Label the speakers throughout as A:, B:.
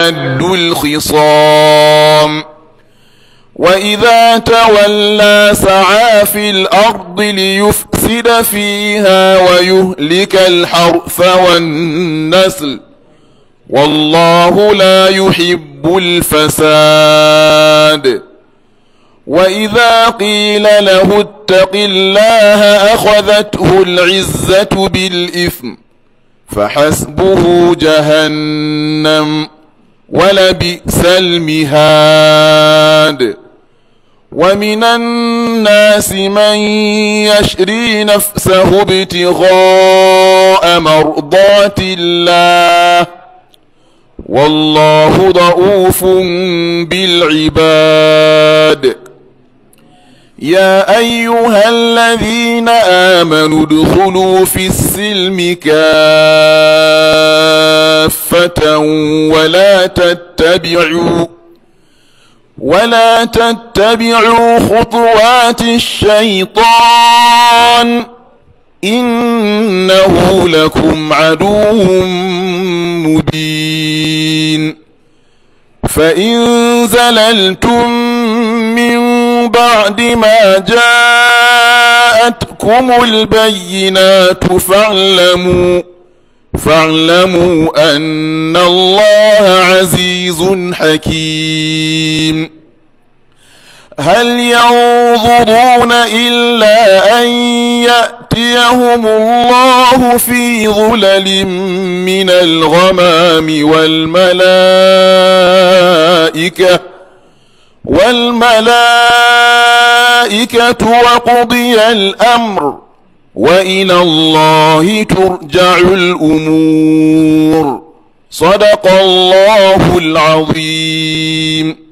A: أشد الخصام وإذا تولى سعى في الأرض ليفسد فيها ويهلك الحرث والنسل والله لا يحب الفساد وإذا قيل له اتق الله أخذته العزة بالإثم فحسبه جهنم ولبئس المهاد ومن الناس من يشري نفسه ابتغاء مرضات الله والله رؤوف بالعباد يا أيها الذين آمنوا ادخلوا في السلم كافة ولا تتبعوا ولا تتبعوا خطوات الشيطان إنه لكم عدو مبين فإن زللتم بعد ما جاءتكم البينات فاعلموا فاعلموا أن الله عزيز حكيم هل ينظرون إلا أن يأتيهم الله في ظلل من الغمام والملائكة والملائكة وقضي الأمر وإلى الله ترجع الأمور صدق الله العظيم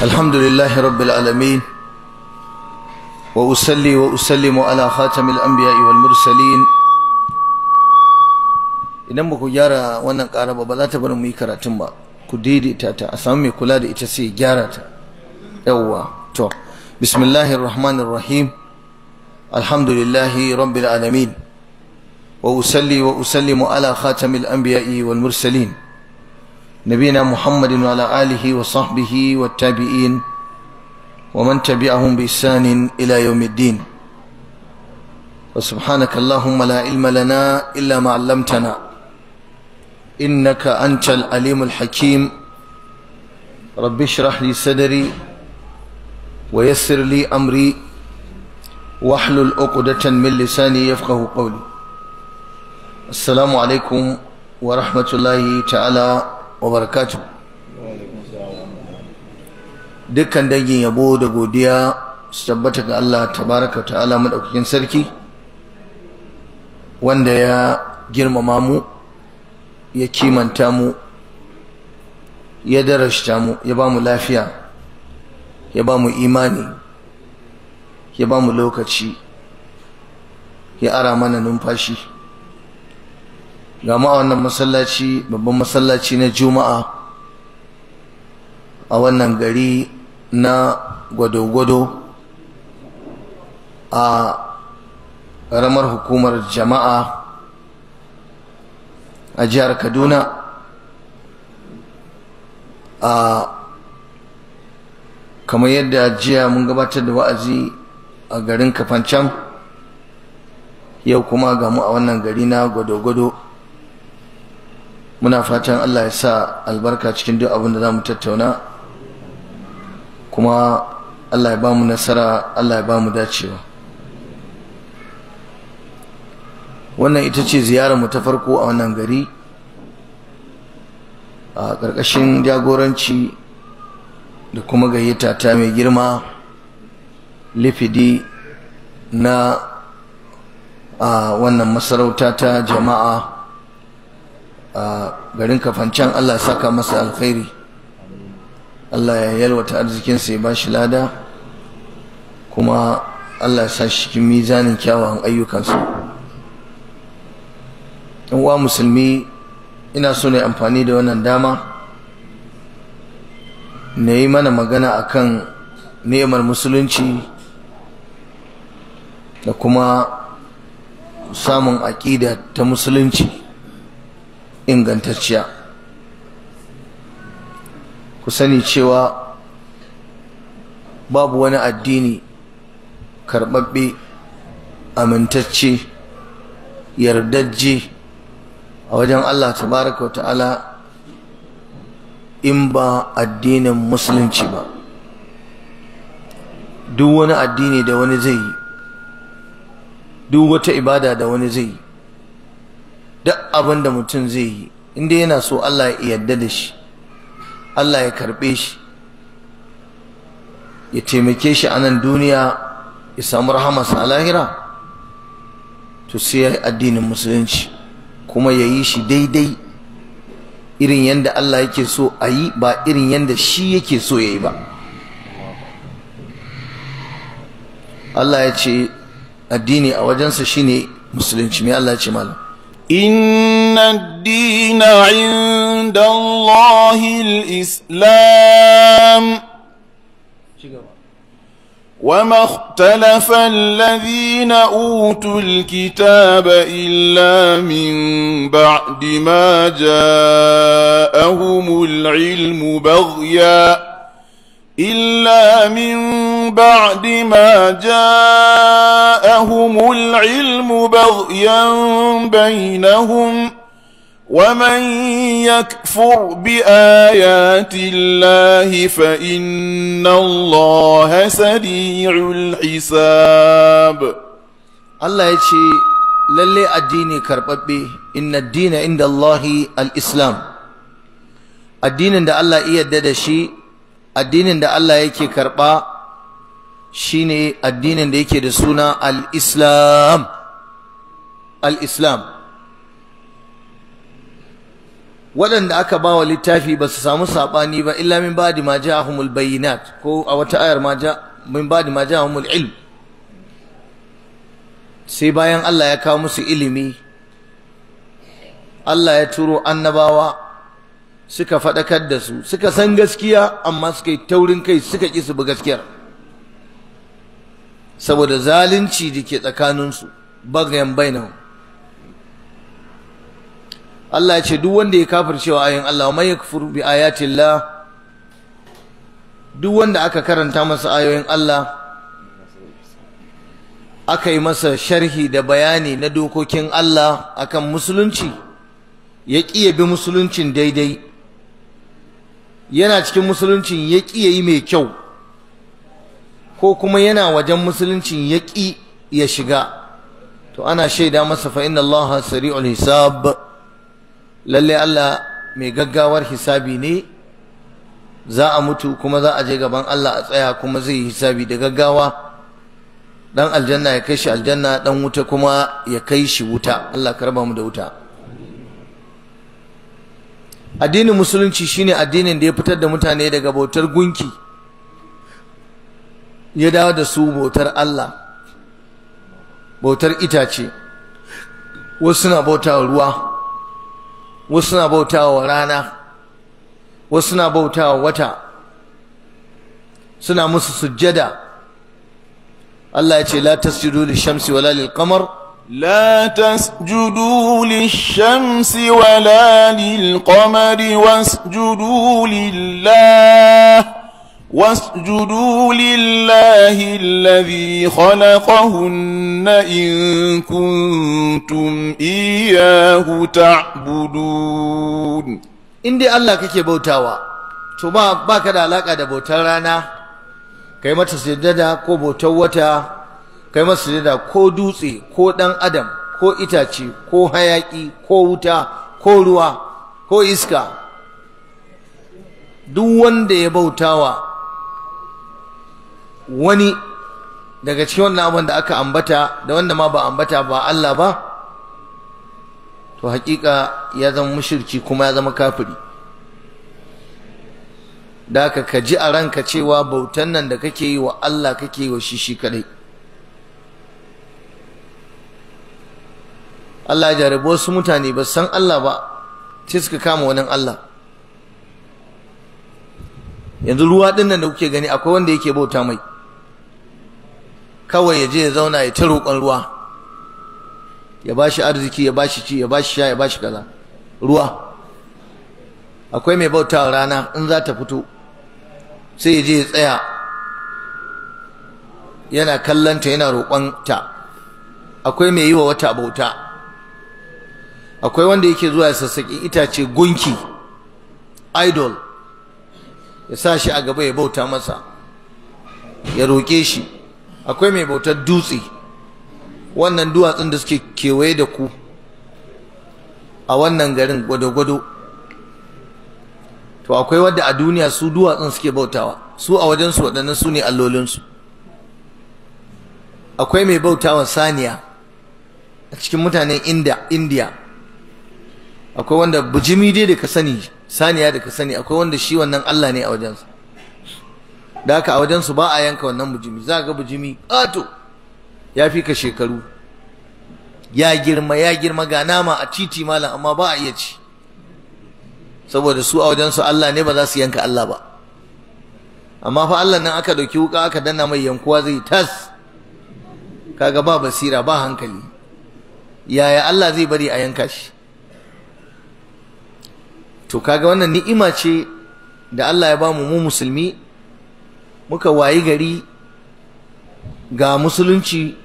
B: الحمد لله رب العالمين وأسلي وأسلم على خاتم الأنبياء والمرسلين idan ba ku gyara wannan ƙara ba ba za ta bar mu yi karatun ba ku daidaita ta a samu mai kula da ita sai gyara ta yawwa to bismillahir rahmanir rahim alhamdulillahi rabbil alamin wa usalli wa usallimu ala khatamil anbiya'i wal mursalin نبينا محمد وعلى آله وصحبه والتابعين ومن تبعهم بإحسان إلى يوم الدين وسبحانك اللهم لا علم لنا إلا ما علمتنا إنك أنت العليم الحكيم رب اشرح لي صدري ويسر لي أمري واحلل عقدة من لساني يفقه قولي السلام عليكم ورحمة الله تعالى barakatu dukkan dangin yabo da godiya su tabbata ga Allah tabaraka ta'ala madaukakin sarki wanda ya girmama mu ya kimanta mu ya darashta mu ya ba mu lafiya ya ba mu imani ya ba mu lokaci ya ara mana numfashi ga ma wannan masallaci babban masallaci na juma'a a wannan gari na gwado-gwado a ramar hukumar jama'a a jihar kaduna a kamar yadda jiya mun gabatar da wa'azi a garin kafancan yau kuma gamu a wannan gari na gwado-gwado muna fatan Allah ya sa albarka cikin duk abin da za mu tattauna kuma Allah ya ba mu nasara Allah ya ba mu dacewa wannan ita ce mu ta farko a wannan gari a ƙarƙashin jagoranci da kuma gayyata ta mai girma lifidi na a wannan masarauta ta jama'a a garin kafancan Allah ya saka masa alkhairi Allah ya yalwata arzikinsa ya ba shi lada kuma Allah ya sa shi cikin mizanin kyawawan ayyukansa yan uwa musulmi ina so ne amfani da wannan dama na yi mana magana akan ni'imar musulunci da kuma samun aƙida ta musulunci ingantacciya ku sani cewa babu wani addini karɓaɓɓe amintacce yardajje a wajen Allah tabaraka wa ta'ala in ba addinin musulunci ba duk wani addini da wani zai yi duk wata ibada da wani zai yi duk abin da mutum zai yi inda yana so Allah ya yarda da shi Allah ya karɓe shi ya taimake shi a nan duniya ya samu rahamarsa a lahira to sai ya yi addinin musulunci kuma ya yi shi daidai irin yadda Allah yake so a yi ba irin yadda shi yake so ya yi ba Allah ya ce addini a wajensa shine
A: musulunci mai Allah ya ce malam إن الدين عند الله الإسلام وما اختلف الذين أوتوا الكتاب إلا من بعد ما جاءهم العلم بغياً إلا من بعد ما جاءهم العلم بغيا بينهم ومن يكفر بآيات الله فإن الله سريع الحساب الله يشي
B: للي الدين كرببي إن الدين عند الله الإسلام الدين عند الله إيه ددشي addinin da Allah yake karɓa shine addinin da yake da suna al-islam al-islam waɗanda aka ba wa littafi ba su samu saɓani ba illa min ba'di ma ja'ahumul bayyinat ko a wata ayar ma ja min ba'di ma ilm sai bayan Allah ya kawo musu ilimi Allah ya turo annabawa suka faɗakar da su suka san gaskiya amma suka yi taurin kai suka ƙi su bi gaskiyar saboda zalunci da ke tsakaninsu bagayen bainahu Allah ya ce duk wanda ya kafircewa ayin Allah man yakfur bi ayatillah duk wanda aka karanta masa ayoyin Allah aka yi masa sharhi da bayani na dokokin Allah akan musulunci ya ƙi ya bi musuluncin daidai yana cikin musuluncin ya ƙi ya yi mai kyau ko kuma yana wajen musuluncin ya ƙi ya shiga to ana shaida masa fa Allah sari'ul hisab lalle Allah mai gaggawar hisabi ne za a mutu kuma za a je gaban Allah a tsaya kuma zai yi hisabi da gaggawa dan aljanna ya kai shi aljanna dan wuta kuma ya kai shi wuta Allah ka raba mu da wuta addinin musulunci shine addinin da ya fitar da mutane daga bautar gunki ya dawo da su bautar Allah bautar itace wasu suna bautawa ruwa wasu suna bautawa rana wasu suna bautawa wata suna musu sujjada Allah ya ce la tasjudu shamsi wala lilqamar
A: لا تسجدوا للشمس ولا للقمر واسجدوا لله واسجدوا لله الذي خلقهن إن كنتم إياه تعبدون إن دي الله
B: كيكي بوتاوا ثم باكد علاقة بوتارانا كيما تسجدنا كو بوتاوتا kai masu sujada ko dutse ko ɗan adam ko itace ko hayaƙi ko wuta ko ruwa ko iska duk wanda ya bautawa wani daga cikin wannan abin da aka ambata da wanda ma ba ambata ba Allah ba to hakika ya zama mushirki kuma ya zama kafiri da ka ji a ranka cewa bautan nan da kake yi wa Allah kake yi wa shi shi kadai Allah ya jarabi wasu mutane ba san Allah ba sai suka kama wani Allah yanzu ruwa din nan da kuke gani akwai wanda yake bauta mai kawai ya je ya zauna ya ta roƙon ruwa ya bashi arziki ya bashi ci ya bashi sha ya bashi kaza ruwa akwai mai bautawa rana in za ta fito sai ya je ya tsaya yana kallanta yana roƙonta akwai mai yi wa wata bauta akwai wanda yake zuwa ya sassaki itace gunki idol ya sa shi a gaba ya bauta masa ya roƙe shi akwai mai bautar dutse wannan duwatsun da suke kewaye da ku a wannan garin gwado-gwado to akwai wadda a duniya su duwatsun suke bautawa su a wajensu waɗannan su ne allolinsu akwai mai bautawa saniya a cikin mutanen india akwai wanda bujimi dai da ka sani saniya da ka sani akwai wanda shi wannan Allah ne a wajensu. da haka a wajensu ba a yanka wannan bujimi za ga bujimi ato ya fi ka shekaru ya girma ya girma ga nama a titi malam amma ba a iya ci saboda su a wajensu Allah ne ba za su yanka Allah ba amma fa Allah nan aka dauki wuka aka danna mai yankuwa zai tas kaga ba basira ba hankali yaya Allah zai bari a yanka shi to kaga wannan ni'ima ce da Allah ya bamu mu musulmi muka wayi gari ga musulunci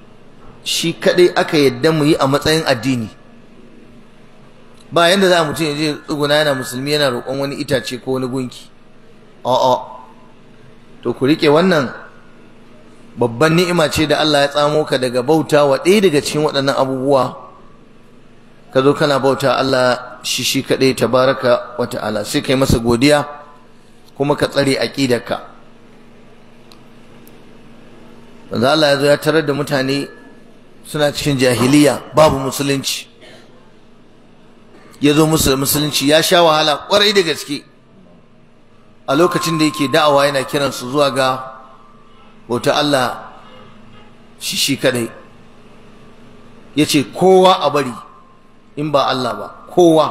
B: shi kadai aka yadda mu yi a matsayin addini ba yanda za mutum ya je tsuguna yana musulmi yana roƙon wani itace ko wani gunki a'a to ku rike wannan babban ni'ima ce da Allah ya tsamo ka daga bauta wa ɗaya daga cikin waɗannan abubuwa ka zo kana bauta Allah shi shi kaɗai tabaraka wa ta'ala sai kai masa godiya kuma ka tsare aƙidarka manzo Allah ya zo ya tarar da mutane suna cikin jahiliya babu musulunci ya zo musu musulunci ya sha wahala kwarai da gaske a lokacin da yake da'awa yana kiran su zuwa ga bauta Allah shi shi kadai yace kowa a bari in ba Allah ba kowa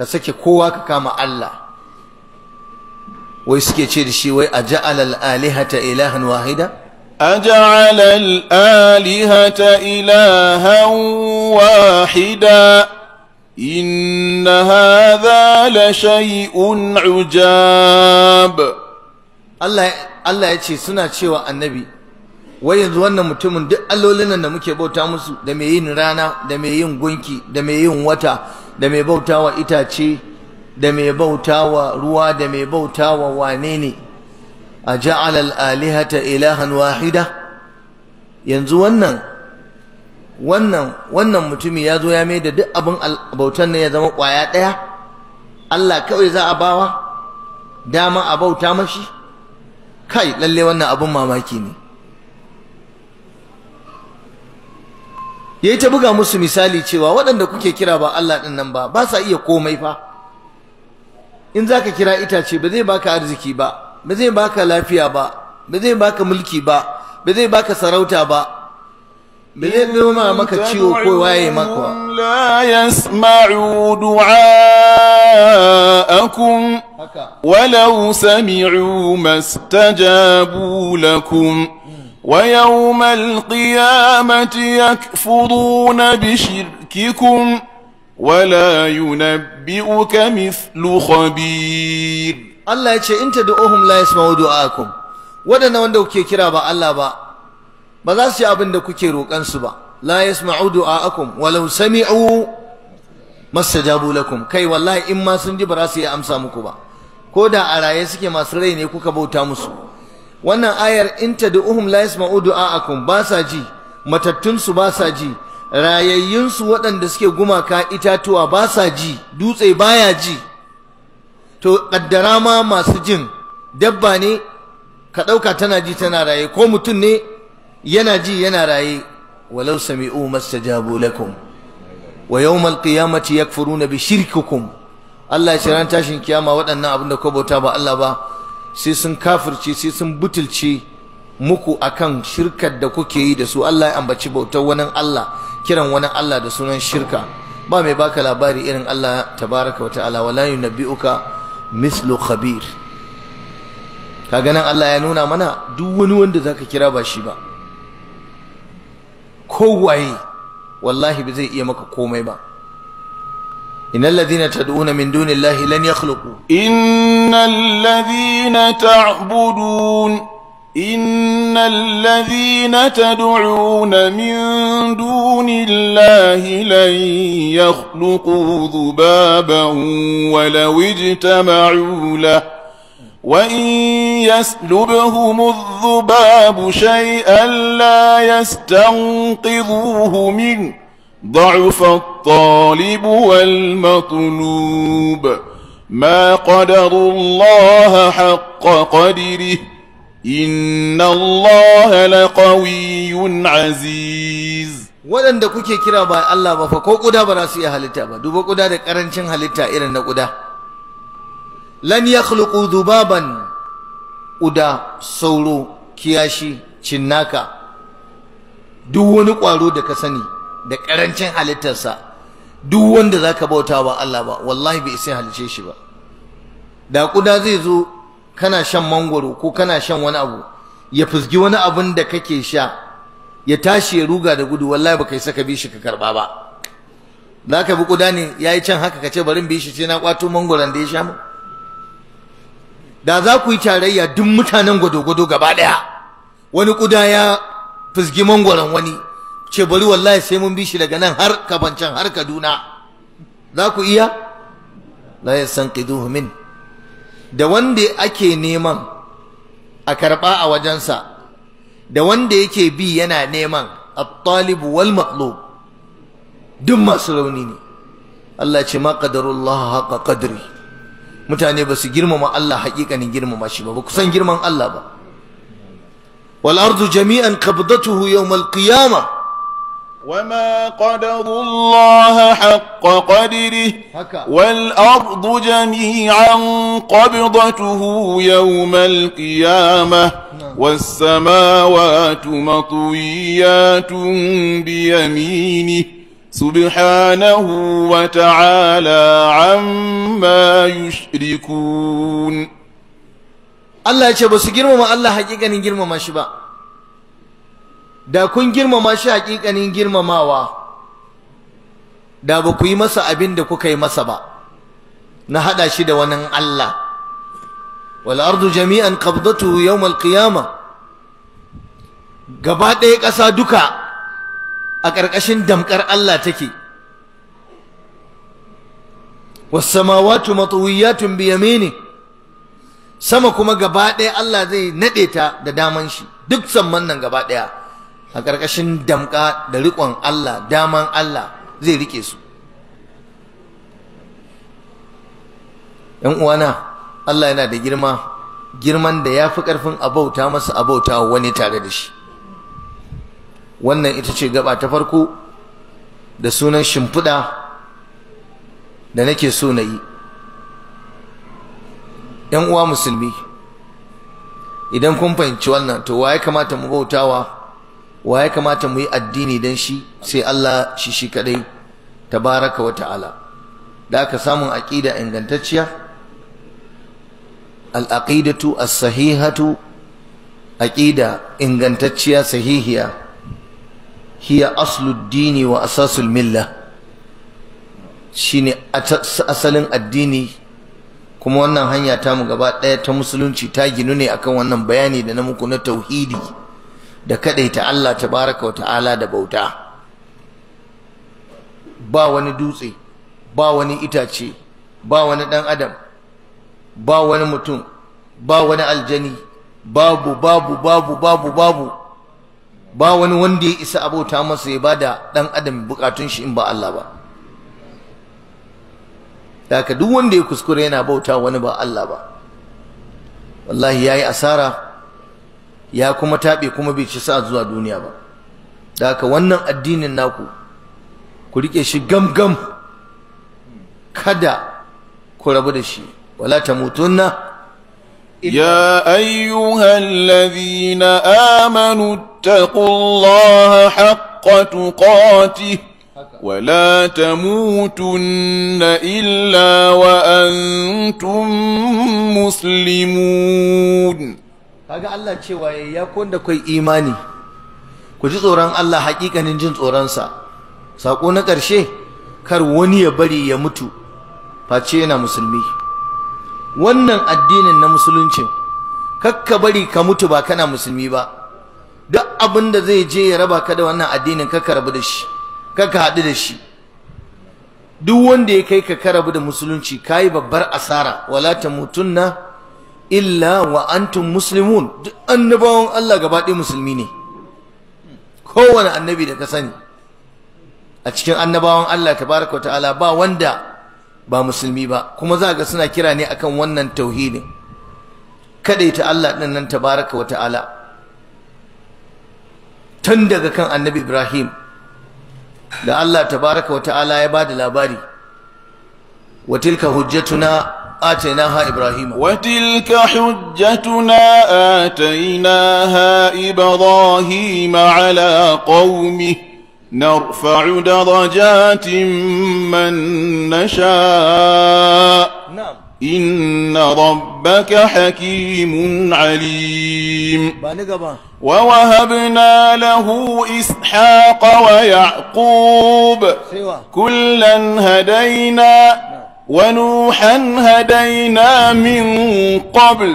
B: ka sake kowa ka kama Allah wai suke ce da shi wai aja'ala al-alihata ilahan wahida
A: أجعل wahida, إلها واحدا إن هذا لشيء عجاب الله الله ce سنة cewa
B: النبي wai yanzu wannan mutumin duk allolin da muke bauta musu da mai yin rana da mai yin gunki da mai yin wata da mai bautawa itace da mai bautawa ruwa da mai bautawa wane ne a ja'ala alihata ilahan wahida yanzu wannan wannan wannan mutumi ya zo ya mai da duk abin bautan ne ya zama kwaya ɗaya Allah kawai za a bawa dama a bauta mashi kai lalle wannan abin mamaki ne yayi ta buga musu misali cewa waɗanda kuke kira ba Allah din nan ba ba sa iya komai fa in zaka kira itace ba zai baka arziki ba ba zai baka lafiya ba ba zai baka mulki
A: ba ba zai baka sarauta ba
B: Ba zai مكتشيو maka ciwo ko
A: لا يسمعوا دعاءكم ويوم القيامة يكفرون بشرككم ولا ينبئك مثل خبير الله يجي انت دعوهم لا يسمعوا دعاكم ودنا وندو كي كرا
B: با الله با بذاسي أبن دو كي روكانسو لا يسمعوا دعاكم ولو سمعوا ما استجابوا لكم كي والله إما سنجي براسي أمسا كودا على يسكي ما سريني كوكبو تامسو wannan ayar in layis la yasma'u du'a'akum ba sa ji matattunsu su ba sa ji rayayyun su waɗanda suke gumaka itatuwa ba sa ji dutse baya ji to kaddara ma masu jin dabba ne ka ɗauka tana ji tana raye ko mutum ne yana ji yana raye walau sami'u mastajabu lakum wa yawmal qiyamati yakfuruna bi shirkikum Allah ya shiran tashin kiyama waɗannan abin da ko ba Allah ba sai sun kafurce sai sun butulci muku akan shirkar da kuke yi da su Allah ya ambaci bautar wani Allah kiran wani Allah da sunan shirka ba mai baka labari irin Allah tabaraka wa ta'ala wala yunabbi'uka mislu khabir kaga nan Allah ya nuna mana duk wani wanda zaka kira ba shi ba kowaye wallahi ba zai iya maka komai ba إن الذين تدعون من دون الله لن يخلقوا
A: إن الذين تعبدون إن الذين تدعون من دون الله لن يخلقوا ذبابا ولو اجتمعوا له وإن يسلبهم الذباب شيئا لا يستنقذوه منه ضعف الطالب والمطلوب ما قدر الله حق قدره إن الله لقوي عزيز waɗanda kuke kira ba Allah
B: ba ko ƙuda ba za su iya halitta ba duba ƙuda da ƙarancin halitta irin na ƙuda lan yakhluqu dhubaban ƙuda sauro kiyashi cinnaka duk wani ƙwaro da ka sani da karancin halittarsa duk wanda zaka bauta ba Allah ba wallahi bai sai halice shi ba da kuda zai zo kana shan mangoro ko kana shan wani abu ya fusgi wani abin da kake sha ya tashi ya ruga da gudu wallahi baka saka bi shi ka karba ba zaka bi kuda ne yayi can haka kace bari bi shi sai na kwato mangoron da ya sha mu da za ku yi tarayya duk mutanen gwado-gwado gaba daya wani kuda ya fusgi mangoron wani ce bari wallahi sai mun bi shi daga nan har kabancan har kaduna za ku iya la yasanqiduhu min da wanda ake neman a karɓa a wajensa da wanda yake bi yana neman at-talib wal maqlub duk masu rauni ne Allah ce ma qadarullah haqa qadri mutane ba su girmama Allah haƙiƙanin girmama shi ba ba san girman Allah ba wal
A: ardu jami'an qabdatuhu yawm al-qiyamah وما قدر الله حق قدره والأرض جميعا قبضته يوم القيامة نعم. والسماوات مطويات بيمينه سبحانه وتعالى عما يشركون الله يجب سجرم الله حقيقة نجرم ما شبه
B: da kun girmama shi hakikanin girmamawa da ba ku yi masa abin da kuka yi masa ba na hada shi da wani Allah wal ardu jami'an qabdatu yawm al qiyama gaba ɗaya ƙasa duka a ƙarƙashin damƙar Allah take samawati matwiyatun bi yamini sama kuma gaba ɗaya Allah zai naɗe ta da daman shi duk samman nan gaba ɗaya a ƙarƙashin damƙa da riƙon Allah daman Allah zai riƙe su ‘yan uwana Allah yana da girma girman da ya fi ƙarfin abauta masa abauta wani tare da shi wannan ita ce gaba ta farko da sunan shimfiɗa da nake so na yi ‘yan uwa musulmi idan kun fahimci wannan to wa ya kamata mu bautawa wa ya kamata mu yi addini dan shi sai Allah shi shi kadai tabaraka wa ta'ala da aka samun aqida ingantacciya al-aqidatu as-sahihatu aqida ingantacciya sahihiya hiya aslud dini wa asasul milla shine asalin addini kuma wannan hanya ta mu gaba ɗaya ta musulunci ta ginu ne akan wannan bayani da na muku na tauhidi da kadaita Allah tabaraka wa ta'ala da bauta ba wani dutse ba wani itace ba wani dan adam ba wani mutum ba wani aljani babu babu babu babu babu ba wani wanda ya isa abota masa ya bada dan adam bukatun shi in ba Allah ba daga duk wanda ya kuskure yana bauta wani ba Allah ba wallahi yayi asara ya kuma taɓe kuma bai ci sa zuwa duniya ba da haka wannan addinin naku ku rike shi gam-gam kada ku rabu da shi wala
A: tamutunna يا أيها الذين آمنوا اتقوا الله حق تقاته ولا تموتن إلا وأنتم مسلمون kaga Allah cewa ya da kai
B: imani ku ji tsoron Allah hakikanin jin tsoronsa sako na ƙarshe kar wani ya bari ya mutu face yana musulmi wannan addinin na musulunci kakka bari ka mutu ba kana musulmi ba duk abinda zai je ya raba ka da wannan addinin kakka rabu da shi kakka haɗu da shi duk wanda ya kai ka karabu da musulunci kayi babbar asara wala tamutunna illa wa antum muslimun duk annabawan Allah gaba ɗaya musulmi ne kowane annabi da ka sani a cikin annabawan Allah tabaraka wa ta'ala ba wanda ba musulmi ba kuma za ga suna kira ne akan wannan tauhidin kadaita Allah din nan tabaraka wa ta'ala tun daga kan annabi Ibrahim da Allah tabaraka wa
A: ta'ala ya bada labari
B: wa tilka hujjatuna
A: آتيناها إبراهيم وتلك حجتنا آتيناها إبراهيم على قومه نرفع درجات من نشاء نعم إن ربك حكيم عليم ووهبنا له إسحاق ويعقوب كلا هدينا ونوحا هدينا من قبل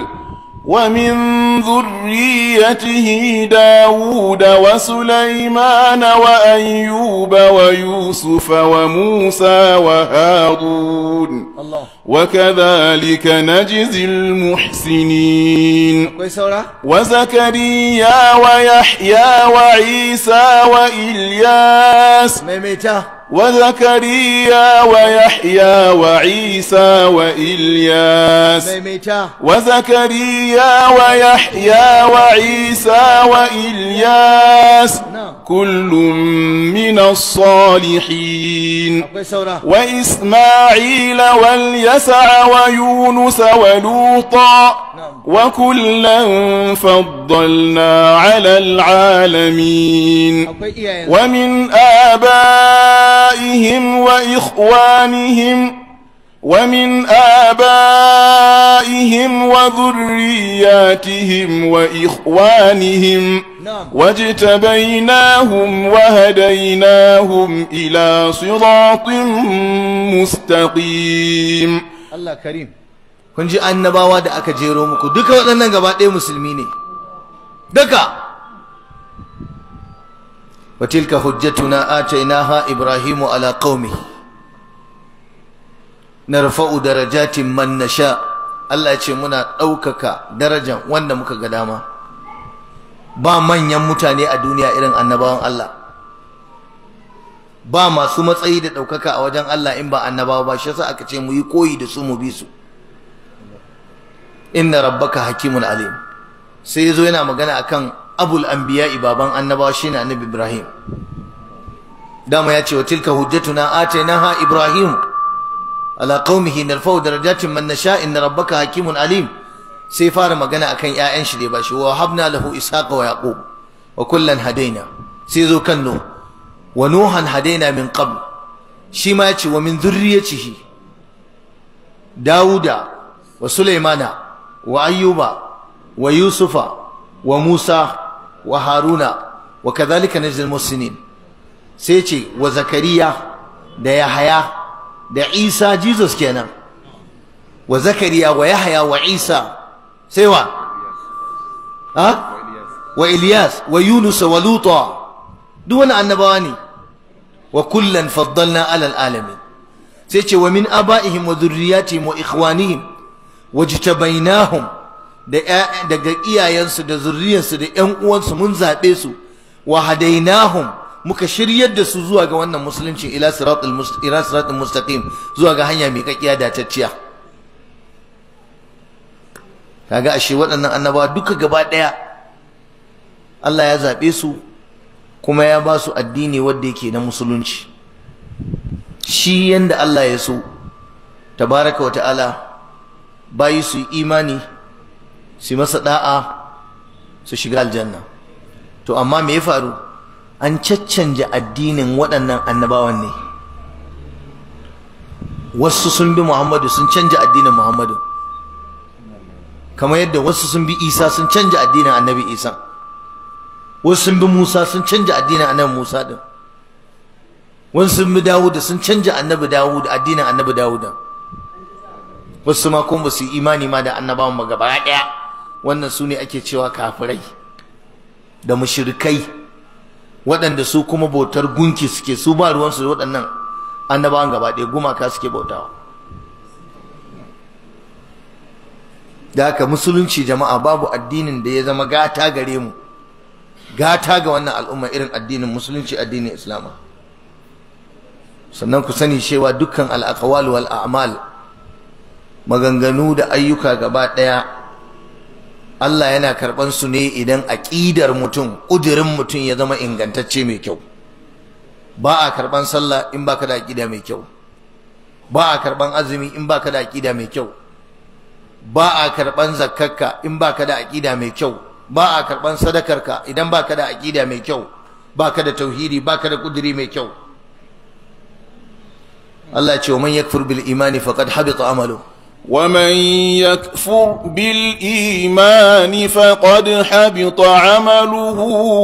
A: ومن ذريته داود وسليمان وأيوب ويوسف وموسى وهارون الله. وكذلك نجزي المحسنين وزكريا ويحيى وعيسى وإلياس وزكريا ويحيى وعيسى وإلياس وزكريا ويحيى وعيسى وإلياس نعم. كل من الصالحين وإسماعيل واليسع ويونس ولوطا نعم. وكلا فضلنا على العالمين
B: ومن
A: آبائهم آبائهم وإخوانهم ومن آبائهم وذرياتهم وإخوانهم نعم. واجتبيناهم وهديناهم إلى صراط مستقيم الله كريم kun ji
B: annabawa da aka jero muku duka waɗannan gaba ɗaya musulmi ne duka وتلك حجتنا آتيناها إبراهيم na قومه نرفع درجات من نشاء الله يقول منا أوكك درجة وانا مكقداما با من يمتاني الدنيا إلى النبوة الله ba masu matsayi da ɗaukaka a wajen Allah in ba annabawa ba shi yasa aka ce mu yi koyi da su mu bi su inna rabbaka hakimun alim sai yazo yana magana akan abul anbiya baban annabawa shine annabi ibrahim dama ya ce wa tilka hujjatuna atainaha ibrahim ala qaumihi narfa'u darajatin man nasha inna rabbaka hakimun alim sai fara magana akan ƴaƴan shi da ba shi wa habna lahu ishaqa wa yaqub wa kullan hadaina sai zo kan nuh wa nuhan hadaina min qabl shi ma ya ce wa min dhurriyyatihi dauda wa sulaimana wa ayyuba wa yusufa wa musa wa haruna wa kadhalika najzil muhsinin sai ce wa zakariya da yahaya da isa jesus kenan wa zakariya wa yahaya wa isa sai wa ha wa ilyas wa yunus wa luta duk wani annabawa ne wa kullan faddalna alal alamin sai ce wa min aba'ihim wa dhurriyyatihim wa ikhwanihim wajtabainahum da daga iyayensu da zurriyarsu da ƴan uwansu mun zaɓe su wa muka shiryar da su zuwa ga wannan musulunci ila siratul ila siratul mustaqim zuwa ga hanya mai kakkiya tacciya kaga ashe waɗannan annabawa duka gaba ɗaya Allah ya zaɓe su kuma ya ba su addini wanda yake na musulunci shi yanda Allah ya so tabaraka wa ta'ala bayi su imani su masa da'a su shiga aljanna to amma me ya faru an caccanja addinin waɗannan annabawan ne wasu sun bi Muhammadu sun canja addinin Muhammadu kamar yadda wasu sun bi Isa sun canja addinin Annabi Isa wasu sun bi Musa sun canja addinin Annabi Musa din wasu sun bi Dawud sun canja Annabi Dawud addinin Annabi Dawud wasu ma kuma su imani ma da annabawan ba gaba ɗaya wannan su ne ake cewa kafirai da mushirikai waɗanda su kuma bautar gunki suke su ba ruwansu da waɗannan annabawan gaba ɗaya gumaka suke bautawa da haka musulunci jama'a babu addinin da ya zama gata gare mu gata ga wannan al'umma irin addinin musulunci addinin islama sannan ku sani cewa dukkan al'aqwal wal a'mal maganganu da ayyuka gaba ɗaya Allah yana karɓan su ne idan ƙidar mutum ƙudurin mutum ya zama ingantacce mai kyau ba a karɓan sallah in baka da aƙida mai kyau ba a karɓan azumi in baka da aƙida mai kyau ba a karɓan zakkarka in baka da aƙida mai kyau ba a karɓan sadakarka idan baka da aƙida mai kyau baka da tauhidi baka da ƙuduri mai kyau
A: Allah ce wa man yakfur bil imani faqad habita amalu ومن يكفر بالإيمان فقد حبط عمله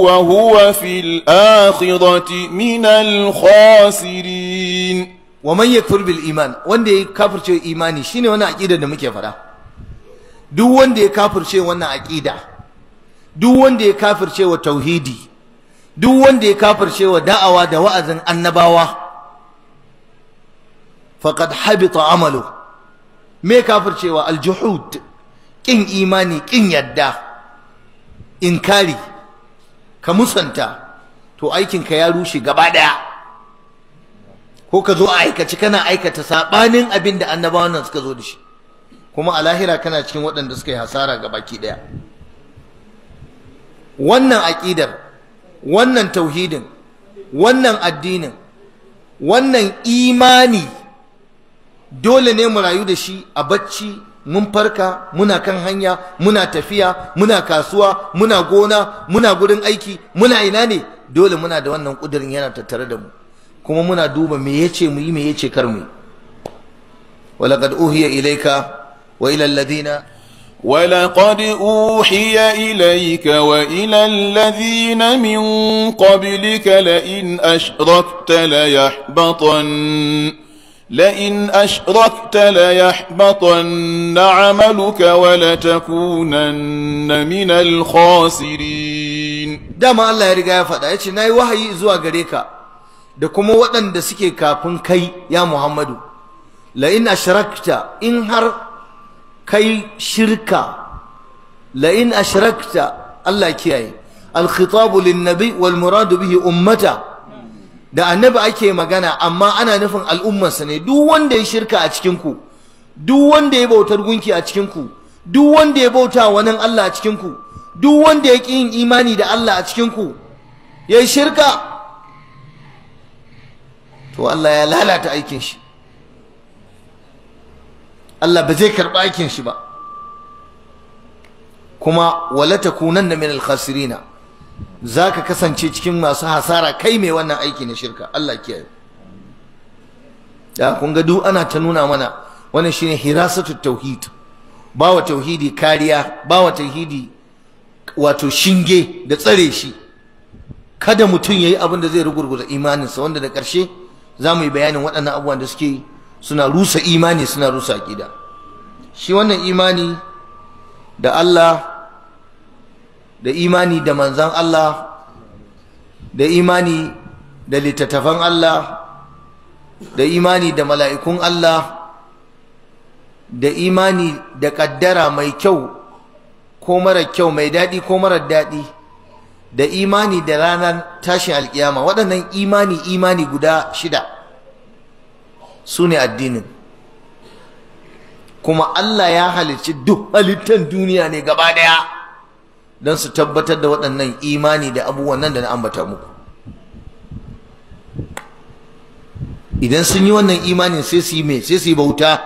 A: وهو في الآخرة من الخاسرين
B: ومن يكفر بالإيمان وان دي كفر شو إيماني شيني وانا عقيدة نمكي فرا دو وان دي كفر شو وانا عقيدة دو وان دي كفر شو توهيدي دو وان دي كفر شو دعوة دواء ذن النباوة فقد حبط عمله me kafircewa aljuhud kin imani kin yadda inkari ka musanta to aikin ka ya rushe gaba daya ko ka zo aikaci kana aikata sabanin abin da annabawan nan suka zo da shi kuma a lahira kana cikin waɗanda suka yi hasara ga baki daya wannan aƙidar wannan tauhidin wannan addinin wannan imani dole ne mu rayu da shi a bacci mun farka muna kan hanya muna tafiya muna kasuwa muna gona muna gurin aiki muna ina ne dole muna da wannan kudirin yana tattare da mu kuma muna duba me yace mu yi me yace kar mu walaqad uhiya ilayka wa ila alladhina
A: ولقد أوحي إليك وإلى الذين من قبلك لئن أشركت ليحبطن لئن أشركت ليحبطن عملك ولتكونن من الخاسرين دام الله يرجع يا فتا يتشي ناي وحي زوا قريكا دكما وطن دسكي كاكون
B: كي يا محمد لئن أشركت انهر كي شركا لئن أشركت الله كي الخطاب للنبي والمراد به أمته da annabi ake magana amma ana nufin al'ummarsa ne duk wanda ya shirka a cikin duk wanda ya bautar gunki a cikin ku duk wanda ya bauta wani Allah a cikin duk wanda ya ki yin imani da Allah a cikin ya shirka to Allah ya lalata aikin shi Allah ba zai karba aikin shi ba kuma wala takunanna min al-khasirina za ka kasance cikin masu hasara kai mai wannan aiki na shirka Allah kiyaye ya kun ga duk ana ta nuna mana wannan shine hirasatu tauhid bawa tauhidi kariya bawa tauhidi wato shinge da tsare shi kada mutum yayi abin da zai rugurguza imaninsa wanda da ƙarshe za mu yi bayanin waɗannan abubuwan da suke suna rusa imani suna rusa gida. shi wannan imani da Allah da imani da manzan Allah da imani da littattafan Allah da imani da mala'ikun Allah da imani da ƙaddara mai kyau ko mara kyau mai daɗi ko mara daɗi da imani da ranar tashin alƙiyama waɗannan imani imani guda shida su ne addinin kuma Allah ya halicci duk halittar duniya ne gaba ɗaya don su tabbatar da waɗannan imani da abubuwan nan da na ambata muku idan sun yi wannan imanin sai su yi mai sai su yi bauta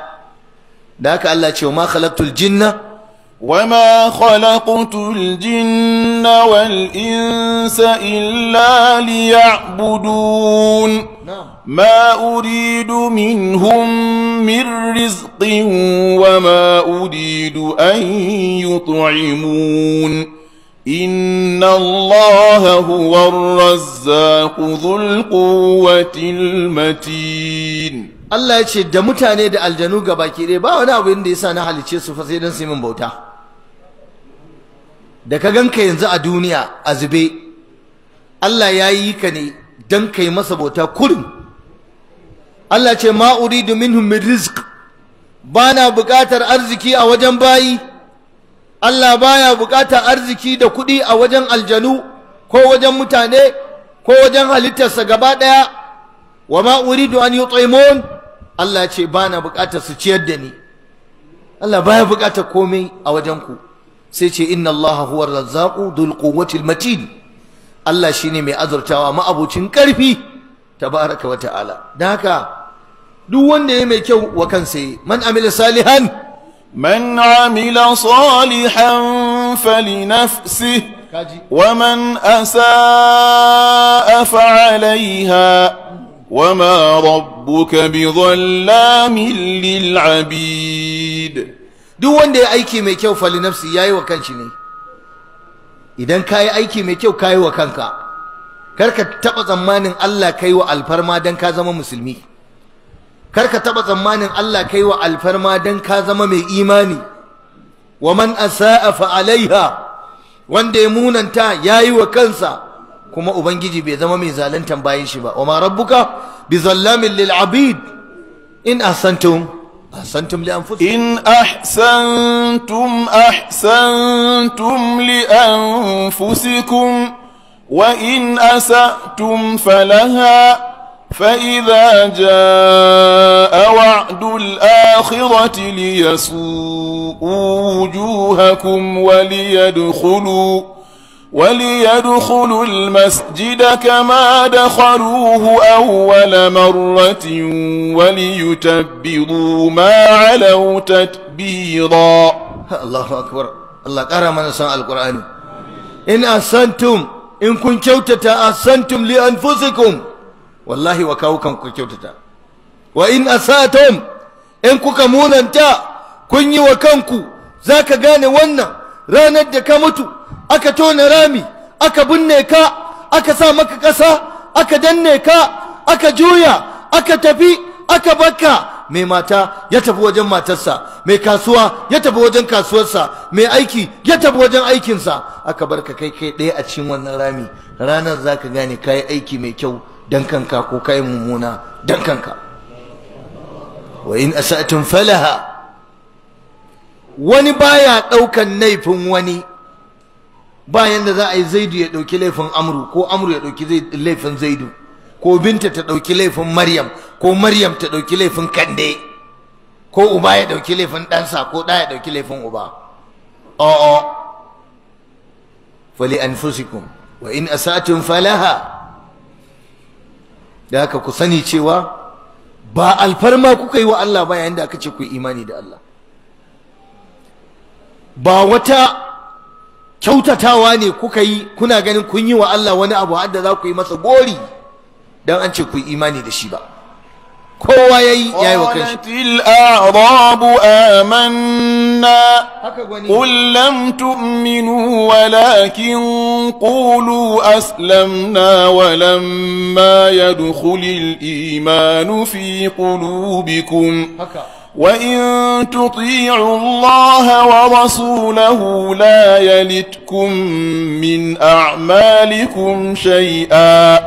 B: da haka Allah ce ma khalaqtul
A: jinna وما خلقت الجن والإنس إلا ليعبدون ما أريد منهم من رزق وما أريد أن يطعمون إن الله هو الرزاق ذو القوة المتين
B: Allah ya da mutane da aljanu gabaki ɗaya ba wani abu da yasa na halice su fa sai dan su min bauta da ka ganka yanzu a duniya a zube Allah ya yi ka ne dan kai masa bauta kurin Allah ce ma uridu minhum min rizq bana buƙatar arziki a wajen bayi Allah baya bukatar arziki da kuɗi a wajen aljanu ko wajen mutane ko wajen halittarsa gaba ɗaya wa ma uridu an tsaimon. Allah ce na bukatar su ciyar da ni Allah baya bukatar komai a wajen ku sai ce inna Allah huwar razzaqu dhul quwwati matin Allah shine mai azurtawa ma'abucin karfi tabaraka wa ta'ala dan haka
A: duk wanda ya mai kyau wa kansa man amila salihan من عمل صالحا فلنفسه ومن أساء فعليها وما ربك بظلام للعبيد duk wanda ya
B: aiki mai kyau fali nafsi yayi wa kanshi ne idan kayi aiki mai kyau kayi wa kanka karka taba tsammanin Allah kai wa alfarma dan ka zama musulmi kar ka taɓa tsammanin Allah kai wa alfarma don ka zama mai imani wa man asa'a fa alaiha wanda ya munanta yayi wa kansa kuma ubangiji bai zama mai zaluntan bayan shi ba wa ma rabbuka bi zallamin lil abid
A: in ahsantum أحسنتم لأنفسكم إن أحسنتم أحسنتم لأنفسكم وإن أسأتم فلها فإذا جاء وعد الآخرة ليسوءوا وجوهكم وليدخلوا وليدخلوا المسجد كما دخلوه أول مرة وليتبروا ما علوا تتبيرا الله أكبر الله من نساء القرآن إن أحسنتم
B: إن كنتم تتأحسنتم لأنفسكم wallahi wa kawo kanku kyautata wa in asatum in kuka munanta kun yi wa kanku zaka gane wannan ranar da ka mutu aka tona rami aka binne ka aka sa maka ƙasa aka danne ka aka juya aka tafi aka bakka mai mata ya tafi wajen matarsa mai kasuwa ya tafi wajen kasuwarsa mai aiki ya tafi wajen aikinsa aka barka kai kai ɗaya a cikin wannan rami ranar za ka gane kayi aiki mai kyau dan kanka ko kai mummuna dan kanka wa in asatun falaha wani baya daukan laifin wani bayan da za a yi zaidu ya dauki laifin amru ko amru ya dauki laifin zaidu ko binta ta dauki laifin maryam ko maryam ta dauki laifin kande ko uba ya dauki laifin ɗansa ko ɗa ya dauki laifin uba a'a oh, oh. fali anfusikum wa in asatun falaha da haka ku sani cewa ba alfarma kuka yi wa Allah ba yayin da aka ce ku imani da Allah ba wata kyautatawa ne kuka yi kuna ganin kun yi wa Allah wani abu hadda za ku yi masa gori dan an ce ku imani da shi ba
A: كوا ياي قالت الأعراب آمنا قل لم تؤمنوا ولكن قولوا أسلمنا ولما يدخل الإيمان في قلوبكم وإن تطيعوا الله ورسوله لا يلتكم من أعمالكم شيئا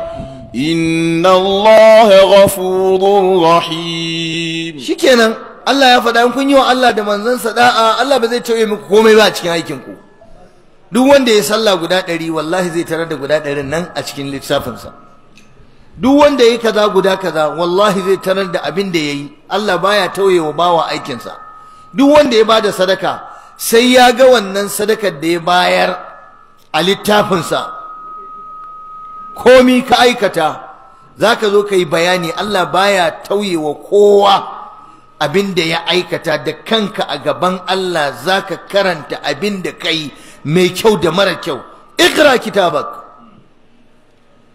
A: inna Allah ghafurur rahim shikenan Allah ya faɗa in kun yi wa Allah da manzansa da'a Allah ba zai
B: tauye muku komai ba a cikin aikin ku duk wanda ya sallah guda ɗari wallahi zai tarar da guda ɗarin nan a cikin littafinsa duk wanda ya kaza guda kaza wallahi zai tarar da abin da yayi Allah baya tauye wa bawa aikinsa duk wanda ya bada sadaka sai ya ga wannan sadakar da ya bayar a littafinsa komi ka aikata zaka zo ka yi bayani Allah baya wa kowa abin da ya aikata da kanka a gaban Allah zaka karanta abin da kai mai kyau da mara kyau ikra kitabak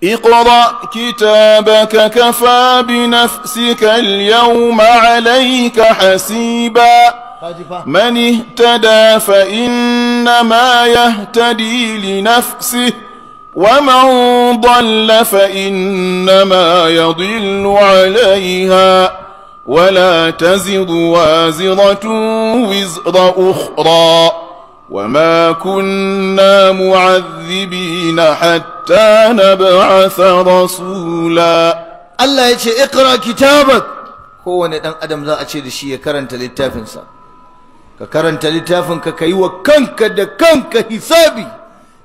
A: اقرأ كتابك كفى بنفسك اليوم عليك حسيبا من اهتدى فإنما يهتدي لنفسه ومن ضل فإنما يضل عليها ولا تزر وازرة وزر أخرى وما كنا معذبين حتى نبعث رسولا الله يجي اقرأ كتابك
B: هو ندم أدم لا أتشير الشيء كرنت للتافنسا كرنت للتافن كيوى كنك دكنك حسابي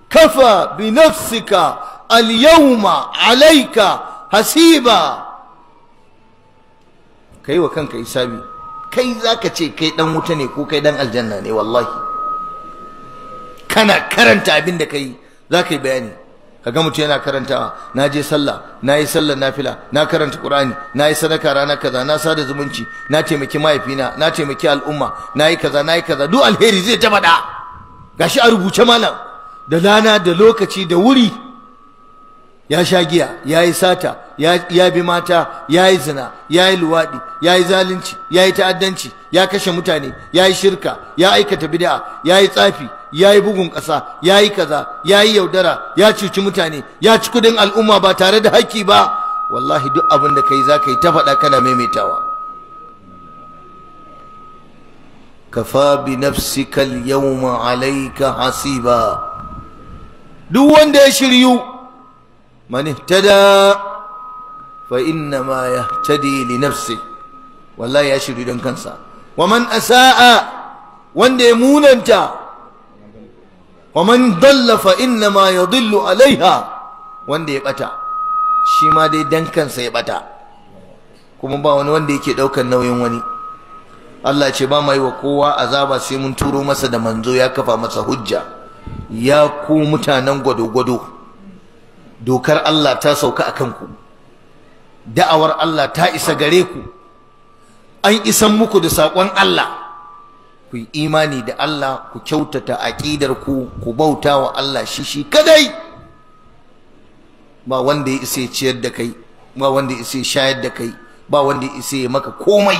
B: kafa bi nafsika al-yawma alayka hasiba kai wa kanka isabi kai zaka ce kai dan wuta ne ko kai dan aljanna ne wallahi kana karanta abin da kai zaka yi bayani kaga mutum yana karantawa na je sallah na yi sallar nafila na karanta qur'ani na yi sadaka rana kaza na sada zumunci na taimaki mahaifina na taimaki al'umma na yi kaza na yi kaza duk alheri zai ta Ga gashi a rubuce malam da rana da lokaci da wuri ya sha giya ya yi sata ya bi mata ya yi zina ya yi luwaɗi ya yi zalunci ya yi ta'addanci ya kashe mutane ya yi shirka ya aikata bid'a ya yi tsafi ya yi bugun ƙasa ya yi kaza ya yi yaudara ya cuci mutane ya ci kudin al'umma ba tare da haƙƙi ba wallahi duk abin da kai za ka yi ta faɗa kana maimaitawa kafa bi nafsika al-yawma alayka hasiba duk wanda ya shiryu man ihtada fa inna ma yahtadi li nafsi wallahi ya shiryu don kansa wa man asaa wanda ya munanta wa man dalla fa inna ma dillu alaiha wanda ya bata shi ma dai don kansa ya bata kuma ba wani wanda yake daukan nauyin wani Allah ce ba mai wa kowa azaba sai mun turo masa da manzo ya kafa masa hujja ya ku mutanen gwado-gwado dokar Allah ta sauka a kanku da'awar Allah ta isa gare ku an isan muku da saƙon Allah ku yi imani da Allah ku kyautata aƙidar ku ku bauta wa Allah shi shi kadai ba wanda ya isa ciyar da kai ba wanda ya isa shayar da kai ba wanda ya isa maka komai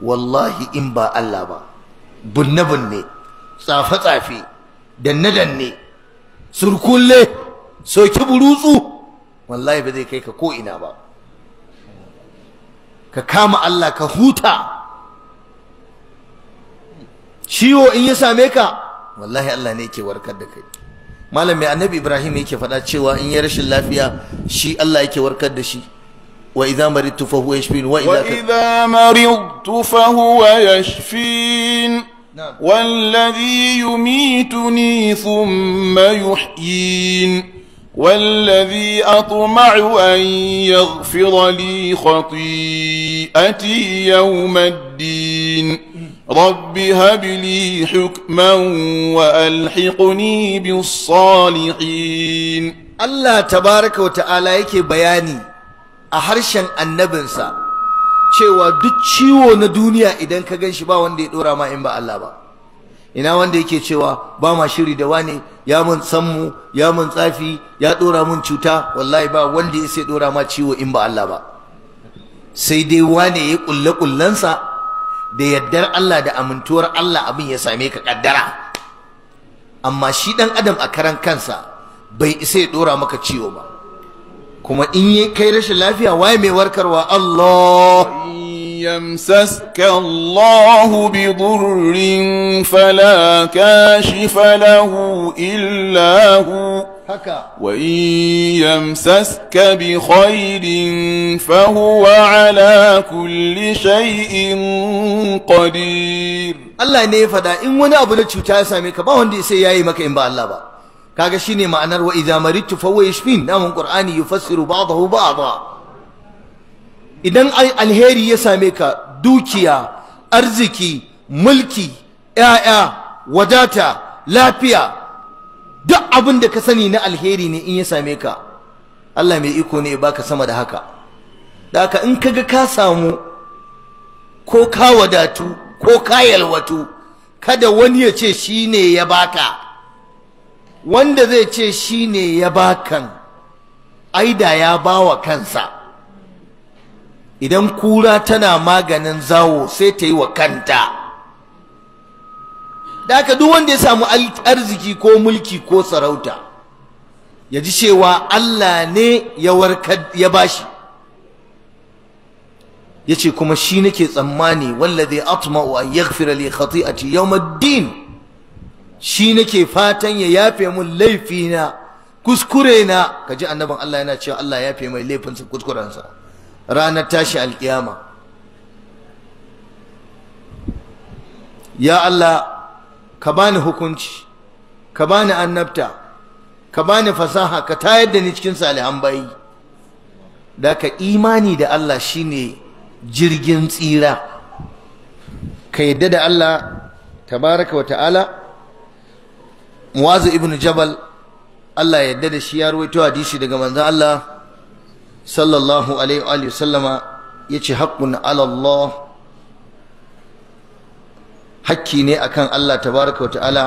B: wallahi in ba Allah ba Bunne-bunne. tsafe-tsafe danne-danne surkulle soki burutsu wallahi ba zai kai ka ko ina ba ka kama Allah ka huta ciwo in ya same ka wallahi Allah ne yake warkar da kai Malami annabi Ibrahim yake faɗa cewa in ya rashin lafiya shi Allah yake warkar da shi وإذا مرضت فهو يشفين وإذا, وإذا
A: مرضت فهو يشفين نعم. والذي يميتني ثم يحيين والذي أطمع أن يغفر لي خطيئتي يوم الدين رب هب لي حكما وألحقني بالصالحين الله
B: تبارك وتعالى يكي بياني أحرشا النبنسا cewa duk ciwo na duniya idan ka gan shi ba wanda ya dora ma in ba Allah ba ina wanda yake cewa ba ma shiri da wane ya mun sammu ya mun tsafi ya dora mun cuta wallahi ba wanda ya sai dora ma ciwo in ba Allah ba sai dai wane ya kulle kullansa da yaddar Allah da amintuwar Allah abin ya same ka kaddara amma shi dan adam a karan kansa bai isa ya dora maka ciwo
A: ba kuma in kai rashin lafiya waye mai warkarwa Allah yamsaska Allah bi durrin fala kashifa lahu illa hu haka wa in yamsaska bi khairin fa huwa ala kulli shay'in qadir Allah ne faɗa in wani abu na cuta
B: ya same ka ba wanda ya yayi maka in ba Allah ba kaga shine ma'anar wa idza maritu fa huwa yashfin namun qur'ani yufassiru ba'dahu ba'dha idan alheri ya same ka dukiya arziki mulki ya'ya wadata lafiya duk abin da ka sani na alheri ne in ya same ka Allah mai iko ne baka sama da haka da haka in kaga ka samu ko ka wadatu ko ka yalwatu kada wani ya ce shine ya baka wanda zai ce shi ne ya bakan aida ya wa kansa idan kura tana maganin zawo sai ta yi wa kanta da aka duk wanda ya samu arziki ko mulki ko sarauta ya ji cewa Allah ne ya shi ya bashi yace kuma shi nake tsammani wallazi atma'u an yaghfira li khati'ati yawm din shi nake fatan ya yafe mun laifi laifina kuskure na kaji annabin Allah yana cewa Allah ya yafe mai laifinsa kuskurensa ranar tashi alkiyama ya Allah ka bani hukunci ka bani annabta ka bani fasaha ka tayar da ni cikin salihan bayi da ka imani da Allah shine jirgin tsira ka yadda da Allah tabaraka wa ta'ala muwazu ibn jabal Allah ya yarda da shi ya ruwaito hadisi daga manzon Allah sallallahu alaihi wa alihi sallama yace haqqun ala Allah hakki ne akan Allah tabaraka wa ta'ala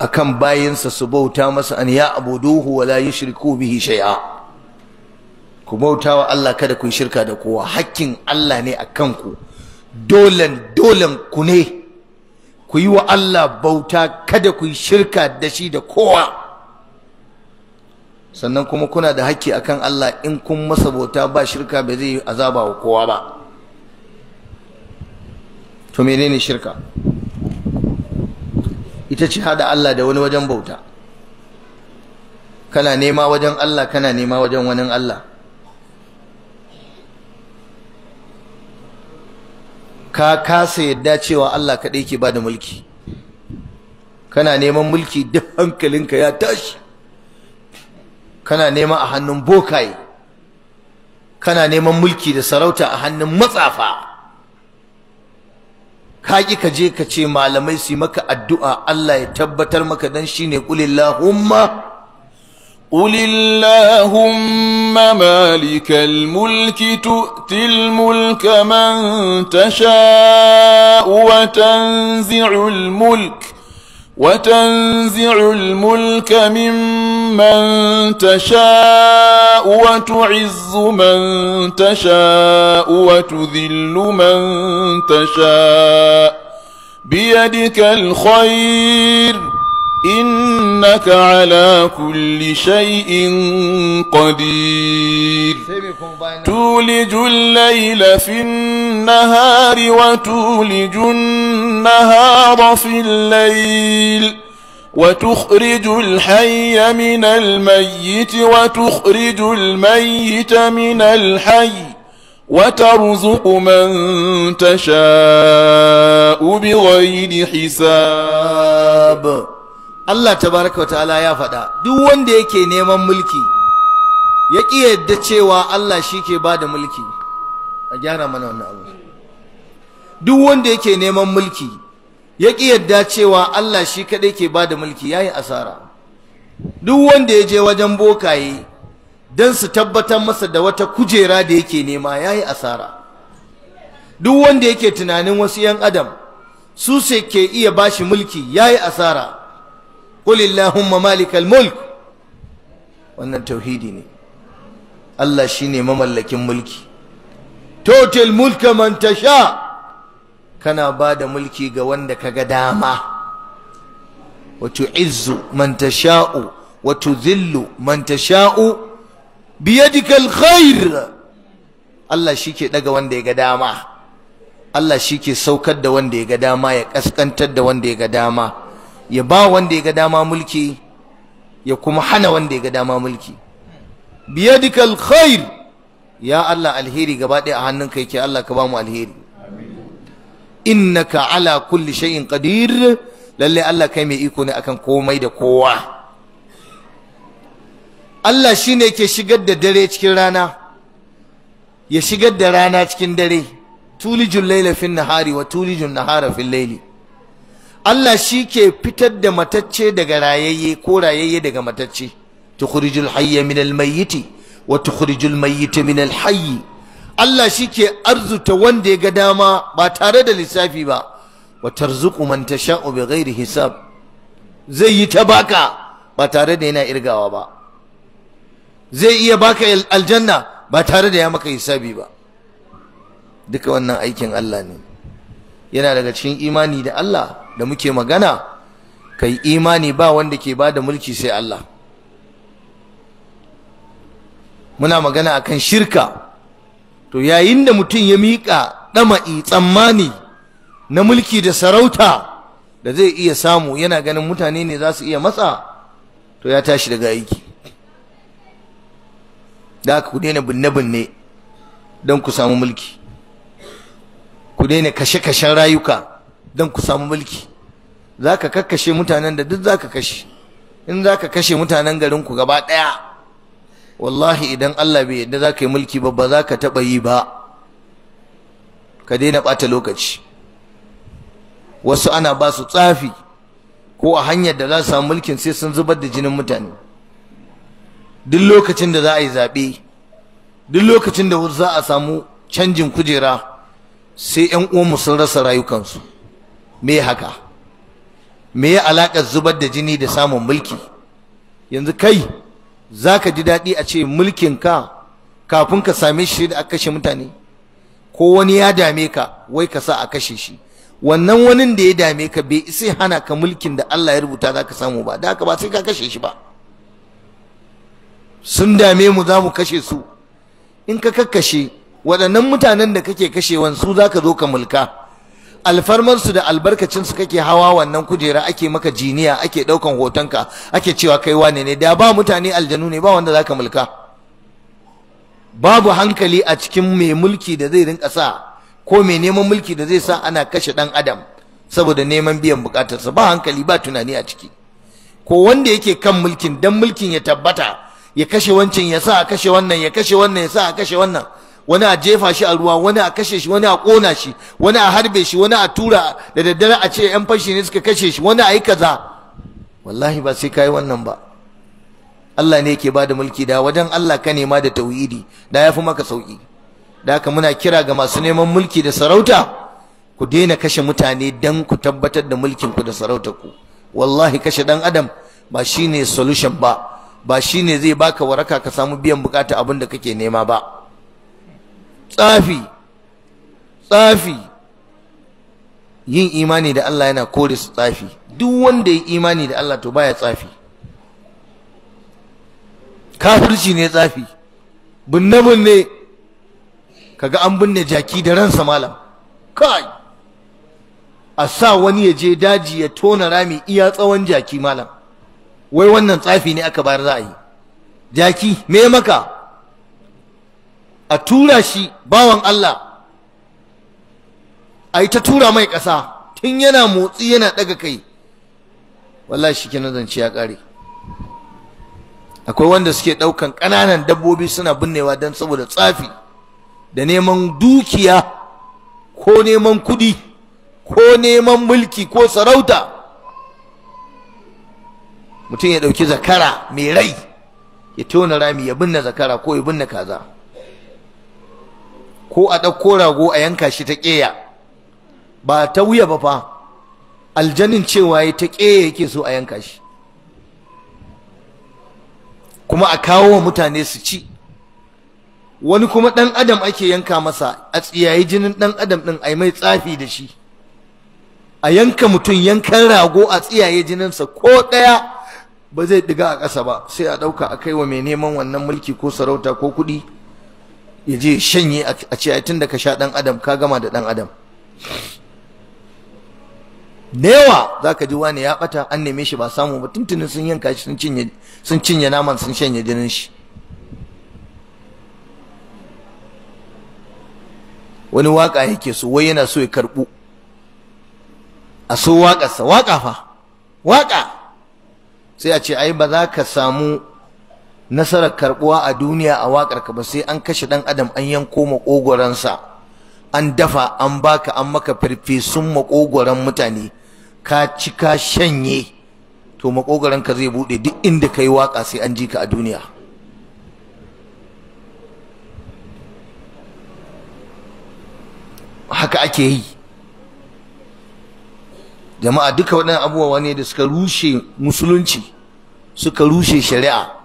B: akan bayinsa su bauta masa an ya abuduhu wa la yushriku bihi shay'a ku bauta wa Allah kada ku shirka da kowa hakkin Allah ne akan ku dolan dolan ku ne ku yi wa Allah bauta kada ku yi shirka da shi da kowa sannan kuma kuna da haƙƙi akan Allah in kun masa bauta ba shirka ba zai azaba wa kowa ba to menene shirka ita ce hada Allah da wani wajen bauta kana nema wajen Allah kana nema wajen wani Allah ka kasa yadda cewa Allah kaɗai ke bada mulki kana neman mulki duk hankalinka ya tashi kana nema a hannun bokaye kana neman mulki da sarauta a hannun matsafa kaki ka je ka ce malamai su maka addu'a Allah ya tabbatar maka dan shine
A: qulillahumma قل اللهم مالك الملك تؤتي الملك من تشاء وتنزع الملك وتنزع الملك ممن تشاء وتعز من تشاء وتذل من تشاء بيدك الخير إنك على كل شيء قدير تولج الليل في النهار وتولج النهار في الليل وتخرج الحي من الميت وتخرج الميت من الحي وترزق من تشاء بغير حساب Allah tabaraka
B: wa ta'ala ya faɗa duk wanda yake neman mulki ya ƙi yadda cewa Allah shi ke ba da mulki a gyara mana wannan abu duk wanda yake neman mulki ya ƙi yadda cewa Allah shi kaɗai ke ba da mulki ya yi asara duk wanda ya je wajen bokaye don su tabbatar masa da wata kujera da yake nema ya yi asara duk wanda yake tunanin wasu 'yan adam su ke iya bashi mulki ya yi asara qulillahumma malikal mulk wannan tauhidi ne Allah shine mamallakin mulki total mulka man tasha kana bada mulki ga wanda kaga dama wa tu'izzu man tasha'u wa tudhillu man tasha'u biyadika alkhair Allah shike daga wanda ya ga dama Allah shike saukar da wanda ya ga dama ya kaskantar da wanda ya ga dama ya ba wanda ya ga dama mulki ya kuma hana wanda ya ga dama mulki biyadikal khair ya Allah alheri gaba ɗaya a kai, yake Allah ka ba mu alheri innaka ala kulli shay'in qadir lalle Allah kai mai iko ne akan komai da kowa Allah shine yake shigar da dare cikin rana ya shigar da rana cikin dare tulijul laila fin nahari wa tulijun nahara fil Allah shi ke fitar da matacce daga rayayye ko rayayye daga matacce tukhrijul hayya min almayyiti wa tukhrijul mayyita min alhayyi Allah shi ke arzuta wanda ya ga dama ba tare da lissafi ba wa tarzuqu man tasha'u bighairi hisab zai yi ta baka ba tare da yana irgawa ba zai iya baka aljanna ba tare da ya maka hisabi ba duka wannan aikin Allah ne yana daga cikin imani da Allah da muke magana kai imani ba wanda ke bada mulki sai Allah muna magana akan shirka to yayin da mutum ya miƙa ɗama'i tsammani na mulki da sarauta da zai iya samu yana ganin mutane ne za su iya matsa to ya tashi daga aiki da ku daina binne-binne don ku samu mulki ku daina kashe-kashen rayuka don ku samu mulki za ka kakkashe mutanen da duk za ka kashe in za ka kashe mutanen garinku gaba ɗaya wallahi idan Allah bai yadda za ka yi mulki ba ba za ka taɓa yi ba ka daina ɓata lokaci wasu ana ba su tsafi ko a hanyar da za su samu mulkin sai sun zubar da jinin mutane duk lokacin da za a yi zaɓe duk lokacin da za a samu canjin kujera sai yan uwanmu sun rasa rayukansu me haka me ya zubar da jini da samun mulki yanzu kai zaka ji daɗi a ce mulkin ka kafin ka same shi da aka kashe mutane ko wani ya dame ka wai ka sa a kashe shi wannan wanin da ya dame ka bai sai hana ka mulkin da Allah ya rubuta za ka samu ba da haka ba sai ka kashe shi ba sun dame mu za mu kashe su in ka kakkashe waɗannan mutanen da kake kashewan su zaka zo ka mulka alfarmar su da albarkacin su kake hawa wannan kujera ake maka jiniya ake ɗaukan hotonka ake cewa kai wane ne da ba mutane aljanu ne ba wanda zaka mulka babu hankali a cikin mai mulki da zai rinka sa ko mai neman mulki da zai sa ana kashe ɗan adam saboda neman biyan buƙatarsa ba hankali ba tunani a ciki ko wanda yake kan mulkin dan mulkin ya tabbata ya kashe wancan ya sa a kashe wannan ya kashe wannan ya sa a kashe wannan wani a jefa shi a ruwa wani a kashe shi wani a kona shi wani a harbe shi wani a tura da daddare a ce yan fashi ne suka kashe shi wani a yi kaza wallahi ba sai kai wannan ba Allah ne yake bada mulki da wajen Allah ka nema da tauhidi da yafi maka sauki da haka muna kira ga masu neman mulki da sarauta ku daina kashe mutane dan ku tabbatar da mulkin ku da sarautar ku wallahi kashe dan adam ba shine solution ba ba shine zai baka waraka ka samu biyan bukata abun da kake nema ba tsafi tsafi yin imani da Allah yana kore su tsafi duk wanda ya imani da Allah to baya tsafi kafirci ne tsafi binne binne kaga an binne jaki da ransa malam kai a sa wani ya je daji ya tona rami iya tsawon jaki malam wai wannan tsafi ne aka bayar za a yi jaki me maka a tura shi bawan Allah a yi ta tura mai ƙasa tun yana motsi yana ɗaga kai wallahi shi ke zance ya ƙare akwai wanda suke ɗaukan ƙananan dabbobi suna binnewa don saboda tsafi da neman dukiya ko neman kudi ko neman mulki ko sarauta mutum ya ɗauki zakara mai rai ya tona rami ya binne zakara ko ya binne kaza ko a ɗauko rago a yanka shi ta ƙeya ba ta wuya ba fa aljanin cewa ya ta ƙeya yake so a yanka shi kuma a kawo wa mutane su ci wani kuma ɗan adam ake yanka masa a tsiyayi jinin ɗan adam ɗin a mai tsafi da shi a yanka mutum yankan rago a tsiyaye jininsa ko ɗaya ba zai ɗiga a ƙasa ba sai a ɗauka a kai wa mai neman wannan mulki ko sarauta ko kuɗi ya je shanye a ce tun da ka sha ɗan adam ka gama da ɗan adam da yawa za ka ji wani ya bata an neme shi ba samu ba tuntunin sun yanka shi sun cinye naman sun shanye jinin shi wani waka yake so wai yana so ya karɓu a so waƙarsa waƙa fa waƙa sai a ce ai ba za ka samu nasarar karbuwa a duniya a wakar ka ba sai an kashe dan adam an yanko sa an dafa an baka an maka farfesun makogoran mutane ka cika shanye to makogoran ka zai bude duk inda kai waka sai an ji ka a duniya haka ake yi jama'a duka waɗannan abubuwa ne da suka rushe musulunci suka rushe shari'a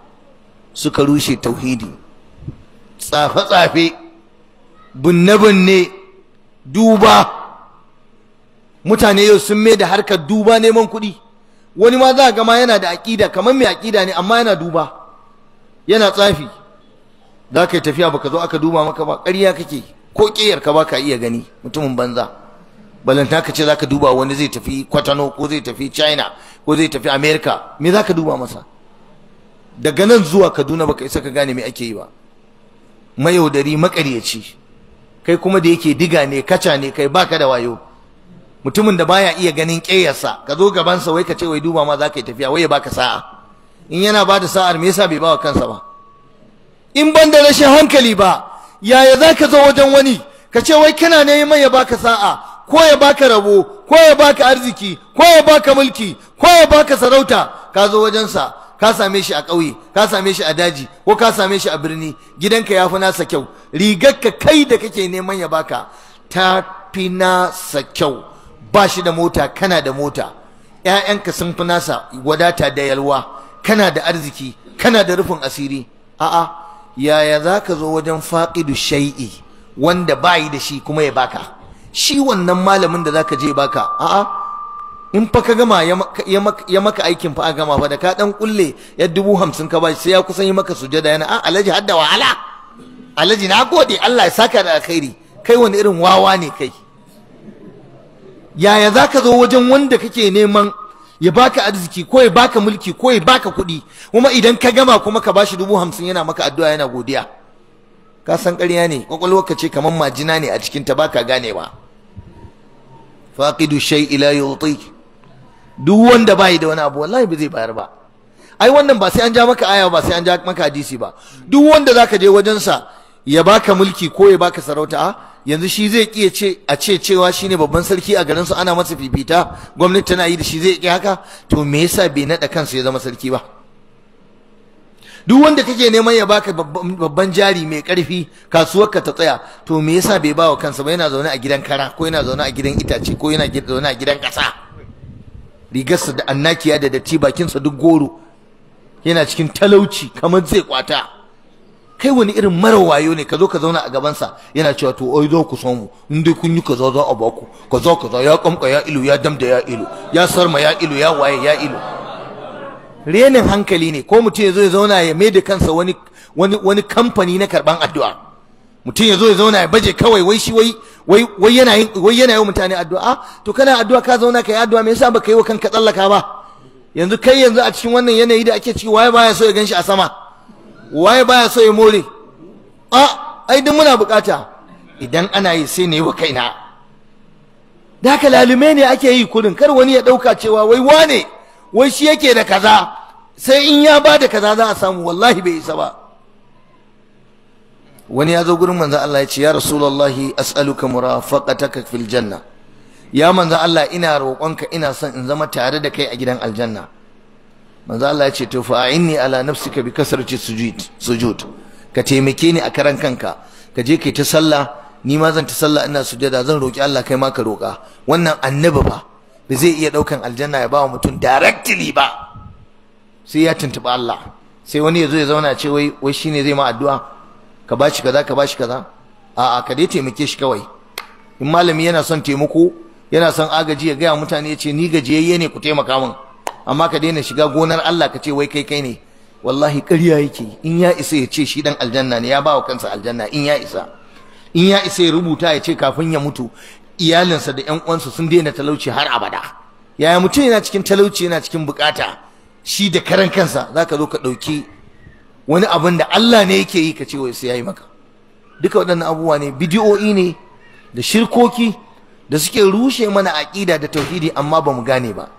B: suka rushe tauhidi tsafe-tsafe binne-binne duba mutane yau sun mai da harkar duba neman kuɗi wani ma za ga ma yana da aƙida kamar mai aƙida ne amma yana duba yana tsafi za ka yi tafiya baka zo aka duba maka ba ƙarya kake ko ƙeyar ka ba ka iya gani mutumin banza balanta ka ce za ka duba wani zai tafi kwatano ko zai tafi china ko zai tafi america me za ka duba masa daga nan zuwa kaduna baka isa ka gane me ake yi ba mayaudari makaryaci kai kuma da yake diga ne kaca ne kai baka da wayo mutumin da baya iya ganin ƙeyarsa ka zo gabansa wai ka ce wai duba ma za ka yi tafiya wai baka sa'a in yana ba sa'ar me yasa bai bawa kansa ba in ban da rashin hankali ba yaya za ka zo wajen wani ka ce wai kana neman ya baka sa'a ko ya baka rabo ko ya baka arziki ko ya baka mulki ko ya baka sarauta ka zo wajensa ka same shi a ƙauye ka same shi a daji ko ka same shi a birni gidanka ya fi nasa kyau rigarka kai da kake neman ya baka ta fi nasa kyau ba shi da mota kana da mota 'ya'yanka sun fi nasa wadata da yalwa kana da arziki kana da rufin asiri a'a yaya za ka zo wajen faƙidu shai'i wanda bayi da shi kuma ya baka shi wannan malamin da za ka je baka a'a in fa ka gama ya maka aikin fa a gama fa da ka dan kulle ya dubu hamsin ka bashi sai ya kusan yi maka sujada yana a ah, alhaji hadda wahala alhaji na gode Allah ya saka da alkhairi kai wani irin wawa ne kai yaya za ka zo wajen wanda kake neman ya baka arziki ko ya baka mulki ko ya baka kuɗi kuma idan ka gama kuma ka bashi dubu hamsin yana maka addu'a yana godiya ka san ƙarya ne ka ce kamar majina ne a cikin ta baka ganewa faqidu shay ila yuti duk wanda bai da wani abu wallahi ba zai bayar ba ai wannan ba sai an ja maka aya ba sai an ja maka hadisi ba duk wanda zaka je wajen sa ya baka mulki ko ya baka sarauta yanzu shi zai kiya ce a ce cewa shine babban sarki a garin su ana masa fifita gwamnati tana yi da shi zai kiya haka to me yasa bai nada kansa ya zama sarki ba duk wanda kake neman ya baka babban jari mai karfi kasuwarka ta tsaya to me yasa bai bawa kansa ba yana zaune a gidan kara ko yana zaune a gidan itace ko yana zaune a gidan kasa rigarsa da annakiya da datti bakinsa duk goro yana cikin talauci kamar zai kwata kai wani irin mara wayo ne kazo ka zauna a gabansa yana cewa to oi zo ku so mu in dai kun yi kaza za a baku kaza kaza ya kamka ya ilu ya damda ya ilu ya sarma ya ilu ya waye ya ilu renin hankali ne ko mutum ya ya zauna ya mai da kansa wani wani wani kamfani na karban addu'a mutum ya zo ya zauna ya baje kawai wai shi wai wai yana yin mutane addu'a ah, to kana addu'a ka zauna kai addu'a me yasa baka yi wa kanka tsallaka ba yanzu kai yanzu a cikin wannan yanayi da ake ciki waye baya so ya ganshi a sama waye baya so ya more a ah, ai duk muna bukata idan ana yi sai ne wa kaina da haka lalume ne ake yi kudin kar wani ya dauka cewa wai wane wai shi yake da kaza sai in ya bada kaza za a samu wallahi bai isa ba wani ya zo gurin manzo Allah ya ce ya rasulullahi as'aluka murafaqataka fil janna ya manzo Allah ina roƙonka ina son in zama tare da kai a gidan aljanna manzo Allah ya ce to fa inni ala nafsika bi kasrati sujud sujud ka taimake ni a karan kanka ka je kai ta sallah ni ma zan ta sallah ina sujada zan roki Allah kai ma ka roka wannan annabi ba ba zai iya daukan aljanna ya ba mutum directly ba sai ya tuntuba Allah sai wani ya zo ya zauna ce wai wai shine zai ma addu'a ka bashi kaza ka bashi kaza a'a ka dai taimake shi kawai in malami yana son taimako yana son agaji ya gaya mutane ya ce ni gajiyayye ne ku taimaka min amma ka daina shiga gonar Allah ka ce wai kai kai ne wallahi ƙarya yake in ya isa ya ce shi dan aljanna ne ya ba wa kansa aljanna in ya isa in ya isa ya rubuta ya ce kafin ya mutu iyalinsa da ƴan uwansa sun daina talauci har abada yaya mutum yana cikin talauci yana cikin bukata shi da karan kansa ka zo ka ɗauki wani abin da Allah ne yake yi ka ce wai sai yayi maka duka waɗannan abubuwa ne bidiyo'i ne da shirkoki da suke rushe mana aƙida da tauhidi amma ba mu gane ba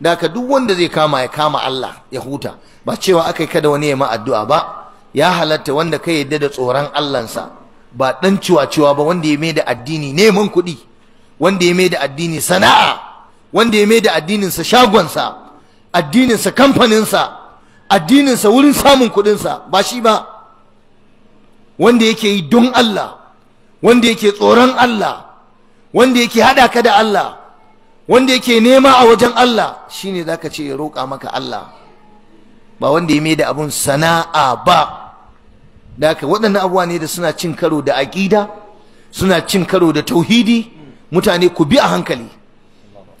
B: da ka duk wanda zai kama ya kama Allah ya huta ba cewa akai kada wani ya ma addu'a ba ya halatta wanda ka yadda da tsoron sa ba dan ciwa-ciwa ba wanda ya mai da addini neman kuɗi wanda ya mai da addini sana'a wanda ya mai da addinin addininsa shagonsa addininsa kamfaninsa addininsa wurin samun kuɗinsa ba shi ba wanda yake yi don Allah wanda yake tsoron Allah wanda yake haɗa ka da Allah wanda yake nema a wajen Allah shine zaka ce ya roƙa maka Allah ba wanda ya da abun sana'a ba da haka waɗannan abubuwa ne da suna cin karo da aƙida suna cin karo da tauhidi mutane ku bi a hankali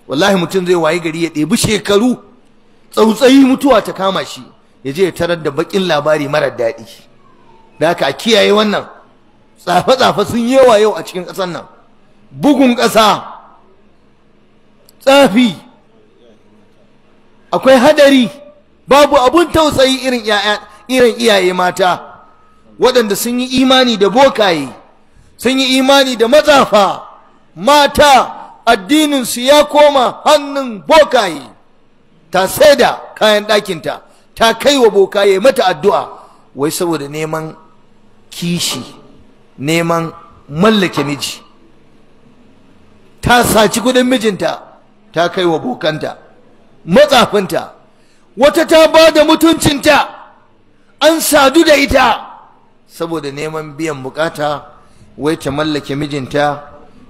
B: wallahi mutum zai wayi gari ya ɗebi shekaru tsautsayi mutuwa ta kama shi ya je ya tarar da bakin labari marar daɗi da haka a kiyaye wannan tsafe-tsafe sun yi yawa yau a cikin ƙasar nan bugun ƙasa tsafi akwai hadari babu abun tausayi irin irin iyaye mata waɗanda sun yi imani da bokaye sun yi imani da matsafa mata addininsu ya koma hannun bokaye ta sai da kayan ɗakinta ta kai wa boka ya mata addu'a wai saboda neman kishi neman mallake miji ta saci kudin mijinta ta kai wa bokanta matsafinta wata ta ba da mutuncinta an sadu da ita saboda neman biyan bukata wai ta mallake mijinta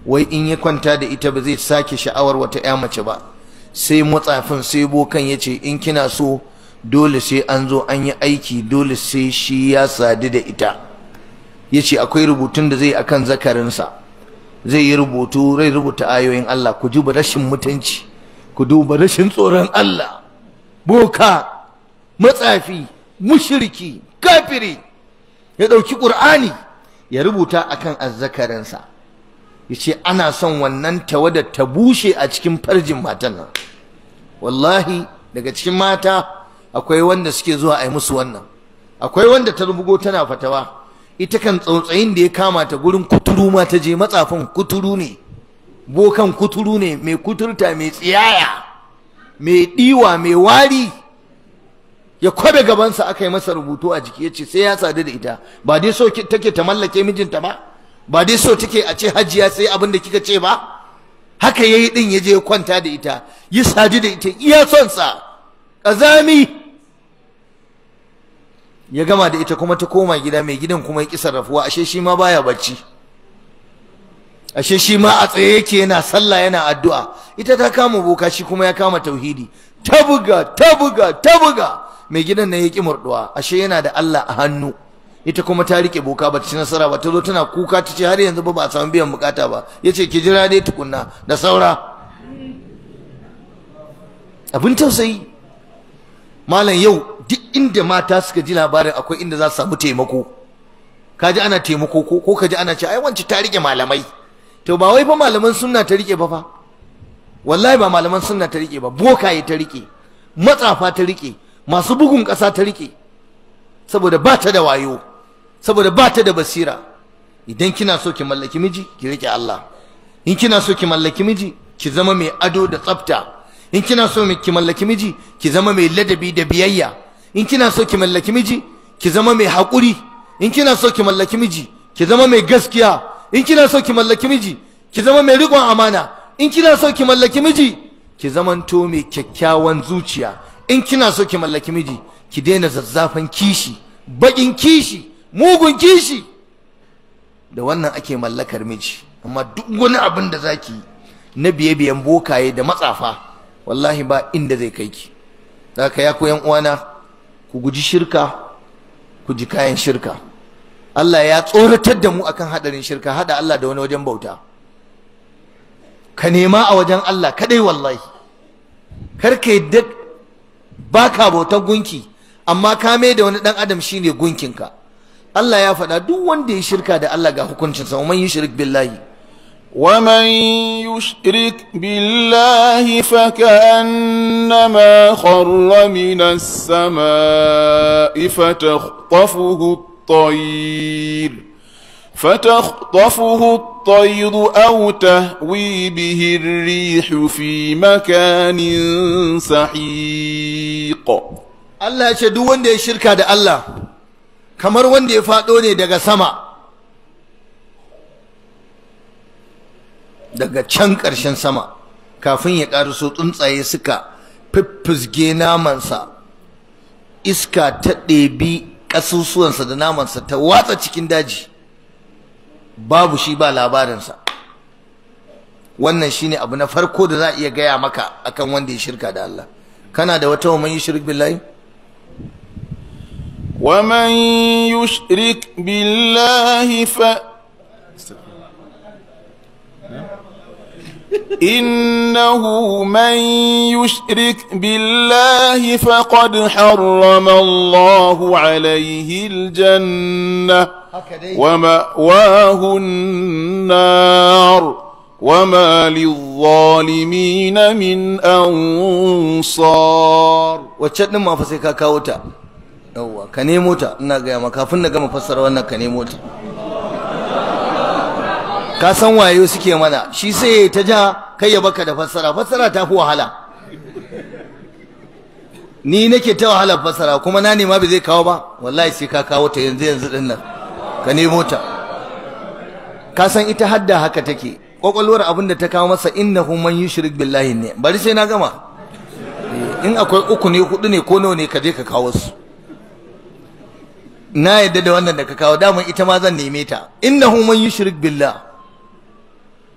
B: wai in yi kwanta da ita ba zai sake sha'awar wata 'ya mace ba sai matsafin sai bokan ya ce in kina so dole sai an zo an yi aiki dole sai shi ya sadu da ita Ya ce akwai rubutun da zai akan zakarinsa zai yi rubutu rai rubuta ayoyin Allah ku duba rashin mutunci ku duba rashin tsoron Allah boka matsafi mushriki kafiri ya dauki qur'ani ya rubuta akan azzakarinsa yace ana son wannan tawadar ta bushe a cikin farjin matan nan wallahi daga cikin mata akwai wanda suke zuwa a yi musu wannan akwai wanda ta rubugo tana fatawa ita kan tsautsayin da ya kama ta gurin kuturu ma ta je matsafin kuturu ne bokan kuturu ne mai kuturta mai tsiyaya mai diwa mai wari ya kwabe gabansa aka yi masa rubutu a jiki ya ce sai ya sadu da ita ba dai so take ta mallake mijinta ba ba dai so take a ce hajiya sai abin da kika ce ba haka yayi din ya je kwanta da ita yi sadu da ita iya son sa ƙazami ya gama da ita kuma ta koma gida mai gidan kuma ya ƙi sarrafuwa ashe shi ma baya bacci ashe shi ma a tsaye yake yana sallah yana addu'a ita ta kama boka shi kuma ya kama tauhidi ta buga ta buga ta buga mai gidan nan ya marduwa. murduwa ashe yana da Allah a hannu ita kuma ta rike boka ba ta ci nasara ba ta zo tana kuka ta ce har yanzu ba ba a samu biyan bukata ba ya ce ki jira dai tukunna da saura abin tausayi malam yau duk inda mata suka ji labarin akwai inda za su samu taimako kaji ana taimako ko ko kaji ana ce ai wanci ta rike malamai to ba wai fa malaman sunna ta rike ba fa wallahi ba malaman sunna ta rike ba bokaye ta rike matsafa ta rike masu bugun kasa ta rike saboda ba ta da wayo saboda ba ta da basira idan kina so ki mallaki miji ki rike Allah in kina so ki mallaki miji ki zama mai ado da tsafta in kina so ki mallaki miji ki zama mai ladabi da biyayya in kina so ki mallaki miji ki zama mai haƙuri in kina so ki mallaki miji ki zama mai gaskiya in kina so ki mallaki miji ki zama mai riƙon amana in kina so ki mallaki miji ki zamanto mai kyakkyawan zuciya in kina so ki mallaki miji ki daina zazzafan kishi baƙin kishi mugun kishi da wannan ake mallakar miji amma duk wani abin da zaki na biye-biyen bokaye da matsafa wallahi ba inda zai kai ki haka ya koyan uwana ku guji shirka ku ji kayan shirka Allah ya tsoratar da mu akan hadarin shirka hada Allah da wani wajen bauta ka nema a wajen Allah kadai wallahi kar ka yadda baka bautar gunki amma ka mai da wani dan adam shine gunkinka Allah ya faɗa duk wanda ya shirka da Allah
A: ga hukuncin hukuncinsa umman yushrik billahi ومن يشرك بالله فكأنما خر من السماء فتخطفه الطير فتخطفه الطير أو تهوي به الريح في مكان سحيق الله يشهد
B: وندي شركة الله كمر وندي فاتوني دقا سما daga can ƙarshen sama kafin ya ƙaruso tsuntsaye suka fiffizge namansa iska ta ɗebi ƙasusuwansa da namansa ta watsa cikin daji babu shi ba labarinsa wannan shine abu na farko da za a iya gaya maka akan wanda ya shirka da Allah kana da wata wa shirk billahi
A: wa billahi إنه من يشرك بالله فقد حرم الله عليه الجنة ومأواه النار وما للظالمين من أنصار وشأن ما فسيكا كاوتا
B: كنيموتا نغيما كافن نغيما فسر وانا كنيموتا ka san wayo suke mana shi sai ta ja kai ya baka da fassara fassara ta fi wahala ni nake ta wahala fassara kuma na nema ba zai kawo ba wallahi sai ka kawo ta yanzu yanzu din nan ka nemo ta ka san ita hadda haka take kwakwalwar abin da ta kawo masa innahu man yushrik billahi ne bari sai na gama eh, in akwai uku ne hudu ne ko nawa ne ka je ka kawo su na yadda da wannan da ka kawo daman ita ma zan neme ta innahu man yushrik billahi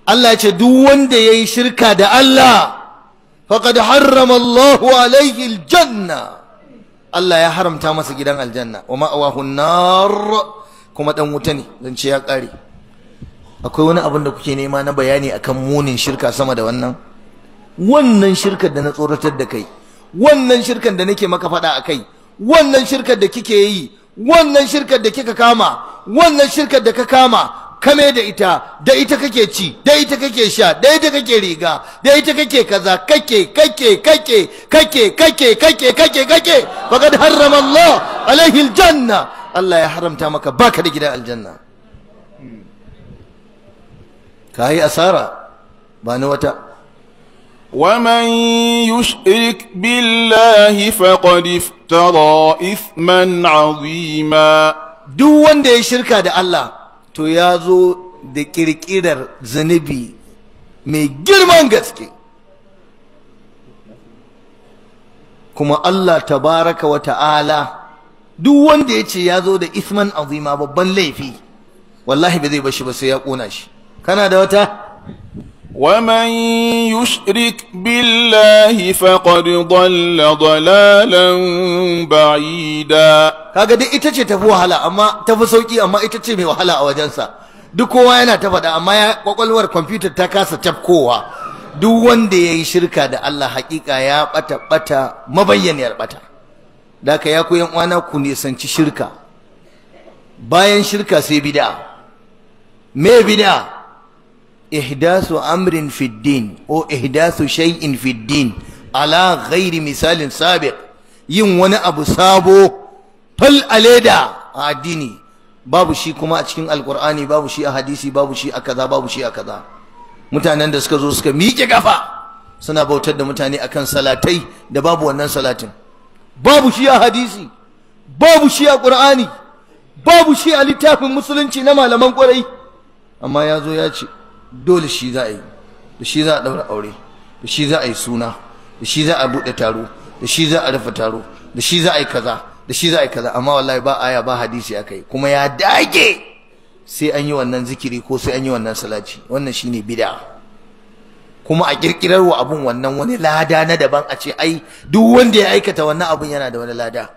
B: Allah ya ce duk wanda ya yi shirka da Allah faƙad harrama Allahu alaihi aljanna Allah ya haramta masa gidan aljanna wa ma'awahu nar kuma dan wuta ne don ce ya ƙare akwai wani abin da kuke nema na bayani akan munin shirka sama da wannan wannan shirkar da na tsoratar da kai wannan shirkar da nake maka faɗa a kai wannan shirkar da kike yi wannan shirkar da kika kama wannan shirkar da ka kama kame da ita da ita kake ci da ita kake sha da ita kake riga da ita kake kaza kake kake kake kake kake kake kake kake faqad harrama Allah alaihi aljanna Allah ya haramta maka baka da gidan aljanna
A: kai asara ba ni wata ومن يشرك بالله فقد افترى إثما عظيما دو wanda ya shirka da Allah to ya
B: zo da ƙirƙirar zunubi mai girman gaske kuma Allah tabaraka wa ta'ala duk wanda ya ce ya zo da isman azima babban laifi wallahi ba zai
A: bashi ba sai ya ƙona shi
B: kana da wata
A: ومن يشرك بالله فقد ضل ضلالا بعيدا kaga dai ita ce tafi wahala amma tafi sauki amma ita ce mai wahala a wajensa
B: duk kowa yana ta faɗa amma ya kwakwalwar kwamfutar ta kasa tafkowa duk wanda ya yi shirka da Allah hakika ya bata bata mabayyaniyar bata da ka ya ku yan uwana ku nisanci shirka bayan shirka sai bid'a me bid'a ihdasu amrin fi din ko ihdasu shay'in fi din ala ghairi misalin sabiq yin wani abu sabo fal aleda a addini babu shi kuma a cikin alkur'ani babu shi a hadisi babu shi a kaza babu shi a kaza mutanen da suka zo suka miƙe ƙafa suna bautar da mutane akan salatai da babu wannan salatin babu shi a hadisi babu shi a qur'ani babu shi a littafin musulunci na malaman ƙwarai amma ya zo ya ce dole shi za a yi da shi za a ɗaura aure da shi za a yi suna da shi za a buɗe taro da shi za a rufe taro da shi za a yi kaza da shi za a yi kaza amma wallahi ba aya ba hadisi akai kuma ya dage sai an yi wannan zikiri ko sai an yi wannan salati wannan shine bid'a kuma a kirkirar wa abun wannan wani lada na daban a ce ai duk wanda ya aikata wannan abun yana da wani lada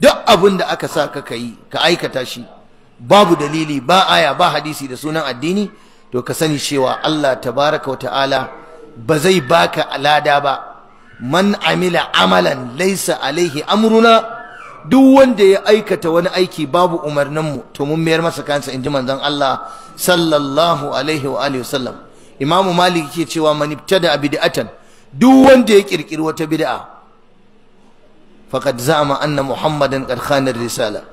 B: duk abun da aka sa ka kai ka aikata shi babu dalili ba aya ba hadisi da sunan addini to ka sani cewa Allah tabaraka wa ta'ala ba zai baka alada ba man amila amalan laisa alaihi amruna duk wanda ya aikata wani aiki babu umarninmu to mun mayar masa kansa inji manzon Allah sallallahu alaihi wa alihi wasallam Imam Malik yake cewa man ibtada bid'atan duk wanda ya kirkiri wata bid'a faqad zama anna Muhammadan qad khana risala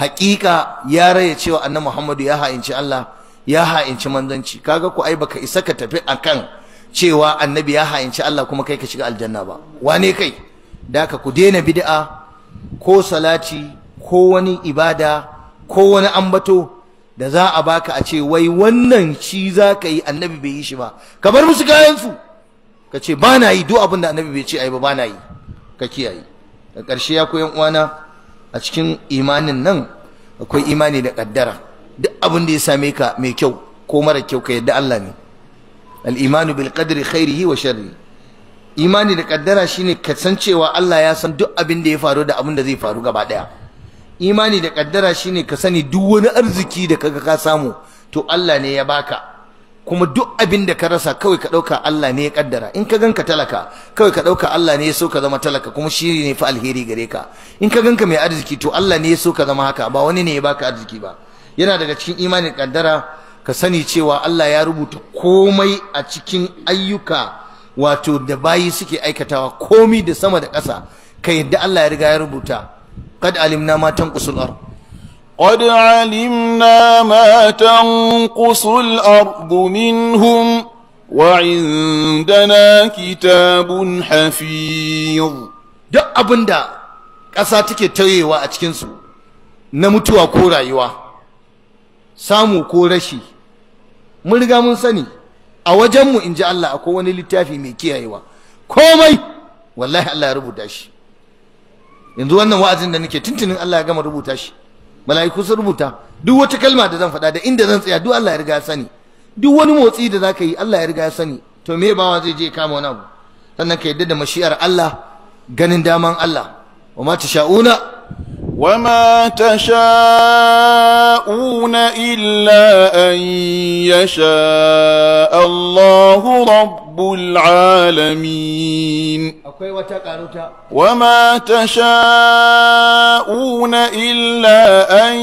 B: haqiqa ya raya cewa anna Muhammadu ya ha'inci Allah ya ha'inci manzanci kaga ku ai baka isa ka tafi akan cewa annabi ya ha'inci Allah kuma kai ka shiga aljanna ba wane kai da ka ku daina bid'a ko salati ko wani ibada ko wani ambato da za a baka a ce wai wannan shi za ka yi annabi bai yi shi ba ka bar musu kayansu ka ce ba na yi duk abin da annabi bai ce ai ba ba na yi ka kiyaye da ƙarshe ya koyan uwana a cikin imanin nan akwai imani da ƙaddara duk abin da ya same ka mai kyau ko mara kyau ka yadda Allah ne al-imanu bil qadri khairihi wa sharri imani da kaddara shine ka san cewa Allah ya san duk abin da ya faru da abin da zai faru gaba daya imani da kaddara shine ka sani duk wani arziki da kaga ka samu to Allah ne ya baka kuma duk abin da ka rasa kawai ka ɗauka Allah ne ya kaddara in ka ka talaka kawai ka ɗauka Allah ne ya so ka zama talaka kuma shi ne fa alheri gare ka in ka ganka mai arziki to Allah ne ya so ka zama haka ba wani ne ya baka arziki ba yana daga cikin imanin kaddara ka sani cewa Allah ya rubuta komai a cikin ayyuka wato da bayi suke aikatawa komai da sama da ƙasa ka yadda Allah ya riga ya rubuta
A: qad alimna ma tanqusul ard قد علمنا ما تنقص الأرض منهم وعندنا كتاب حفيظ duk abinda ƙasa take
B: tayewa a cikinsu na mutuwa ko rayuwa samu ko rashi mun riga mun sani a wajenmu in ji Allah akwai wani littafi mai kiyayewa komai wallahi Allah ya rubuta shi yanzu wannan wa'azin da nake tuntunin Allah ya gama rubuta shi mala'iku sun rubuta duk wata kalma da zan faɗa da inda zan tsaya duk Allah ya riga ya sani duk wani motsi da zaka yi Allah ya riga ya sani to me bawa zai je kama wani abu sannan ka yadda da mashi'ar Allah ganin daman Allah wa ma tasha'una
A: وما تشاءون إلا أن يشاء الله رب العالمين وما تشاءون إلا أن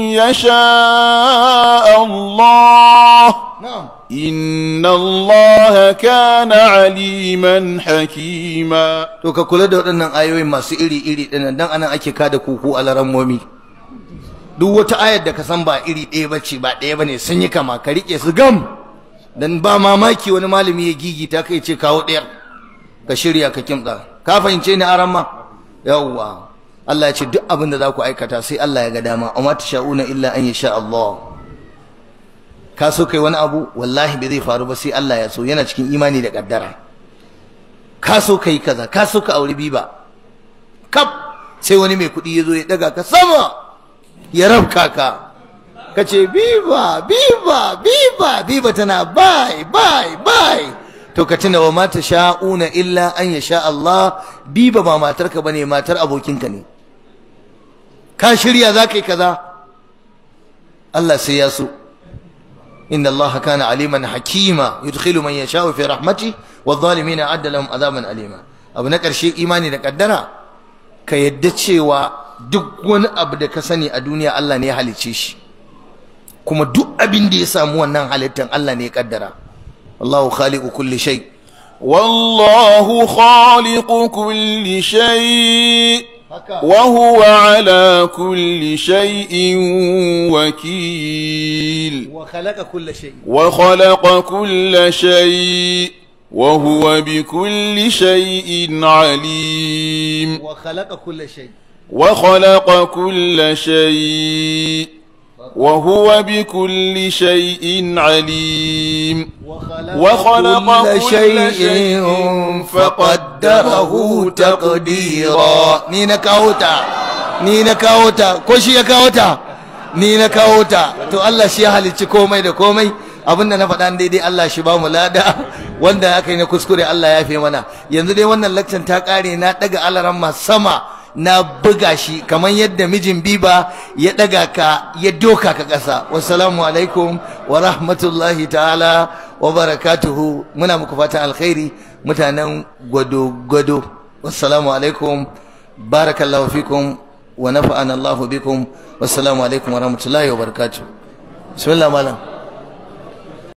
A: يشاء الله نعم inna Allah kana aliman
B: hakima to ka kula da waɗannan ayoyi masu iri-iri ɗin dan anan ake kada kuku a duk wata ayar da ka san ba iri ɗaya ce ba ɗaya bane sun yi kama ka rike su gam dan ba mamaki wani malami ya gigita kai ce kawo ɗayar ka shirya ka kimɗa ka fahimce ni aran ma yawwa Allah ya ce duk abin da za ku aikata sai Allah ya ga dama amma tasha'una illa an yasha Allah ka so kai wani abu wallahi bai zai faru ba sai Allah ya so yana cikin imani da kaddara ka so kai kaza ka so ka auri biba kaf sai wani mai kuɗi ya zo ya daga ka sama ya rabka ka ka ce biba biba biba biba tana bai bai bai to ka tuna wa mata sha'una illa an ya sha Allah biba ba matarka bane matar abokinka ne ka shirya za ka yi kaza Allah sai ya so inna allaha kana aliman hakima yudkhilu man yasha'u fi rahmati wadh-dhalimina adda lahum adhaban alima abu na karshe imani da kaddara ka yadda cewa duk wani abu da ka sani a duniya Allah ne ya halice shi kuma duk abin da ya samu wannan halittan Allah ne ya kaddara wallahu khaliqu kulli shai. wallahu
A: khaliqu kulli shay وهو على كل شيء وكيل وخلق كل شيء وهو بكل شيء عليم وخلق كل شيء وخلق كل شيء وهو بكل شيء عليم وخلق كل شيء فقدره تقديرا نينا كاوتا
B: نينا كاوتا كوشي كاوتا نينا كاوتا تو الله شي halicci komai da komai abinda na faɗa daidai Allah shi ba mu lada wanda aka yi na kuskure Allah ya fi mana yanzu dai wannan laccan ta ƙare na ɗaga alaran sama na buga shi kamar yadda mijin biba ya daga ka ya doka ka ƙasa wassalamu alaikum wa rahmatullahi ta'ala wa barakatuhu muna muku fatan alkhairi mutanen gwado gwado wassalamu alaikum barakallahu fikum wa nafa'ana Allahu bikum wassalamu alaikum wa rahmatullahi wa barakatuhu bismillah malam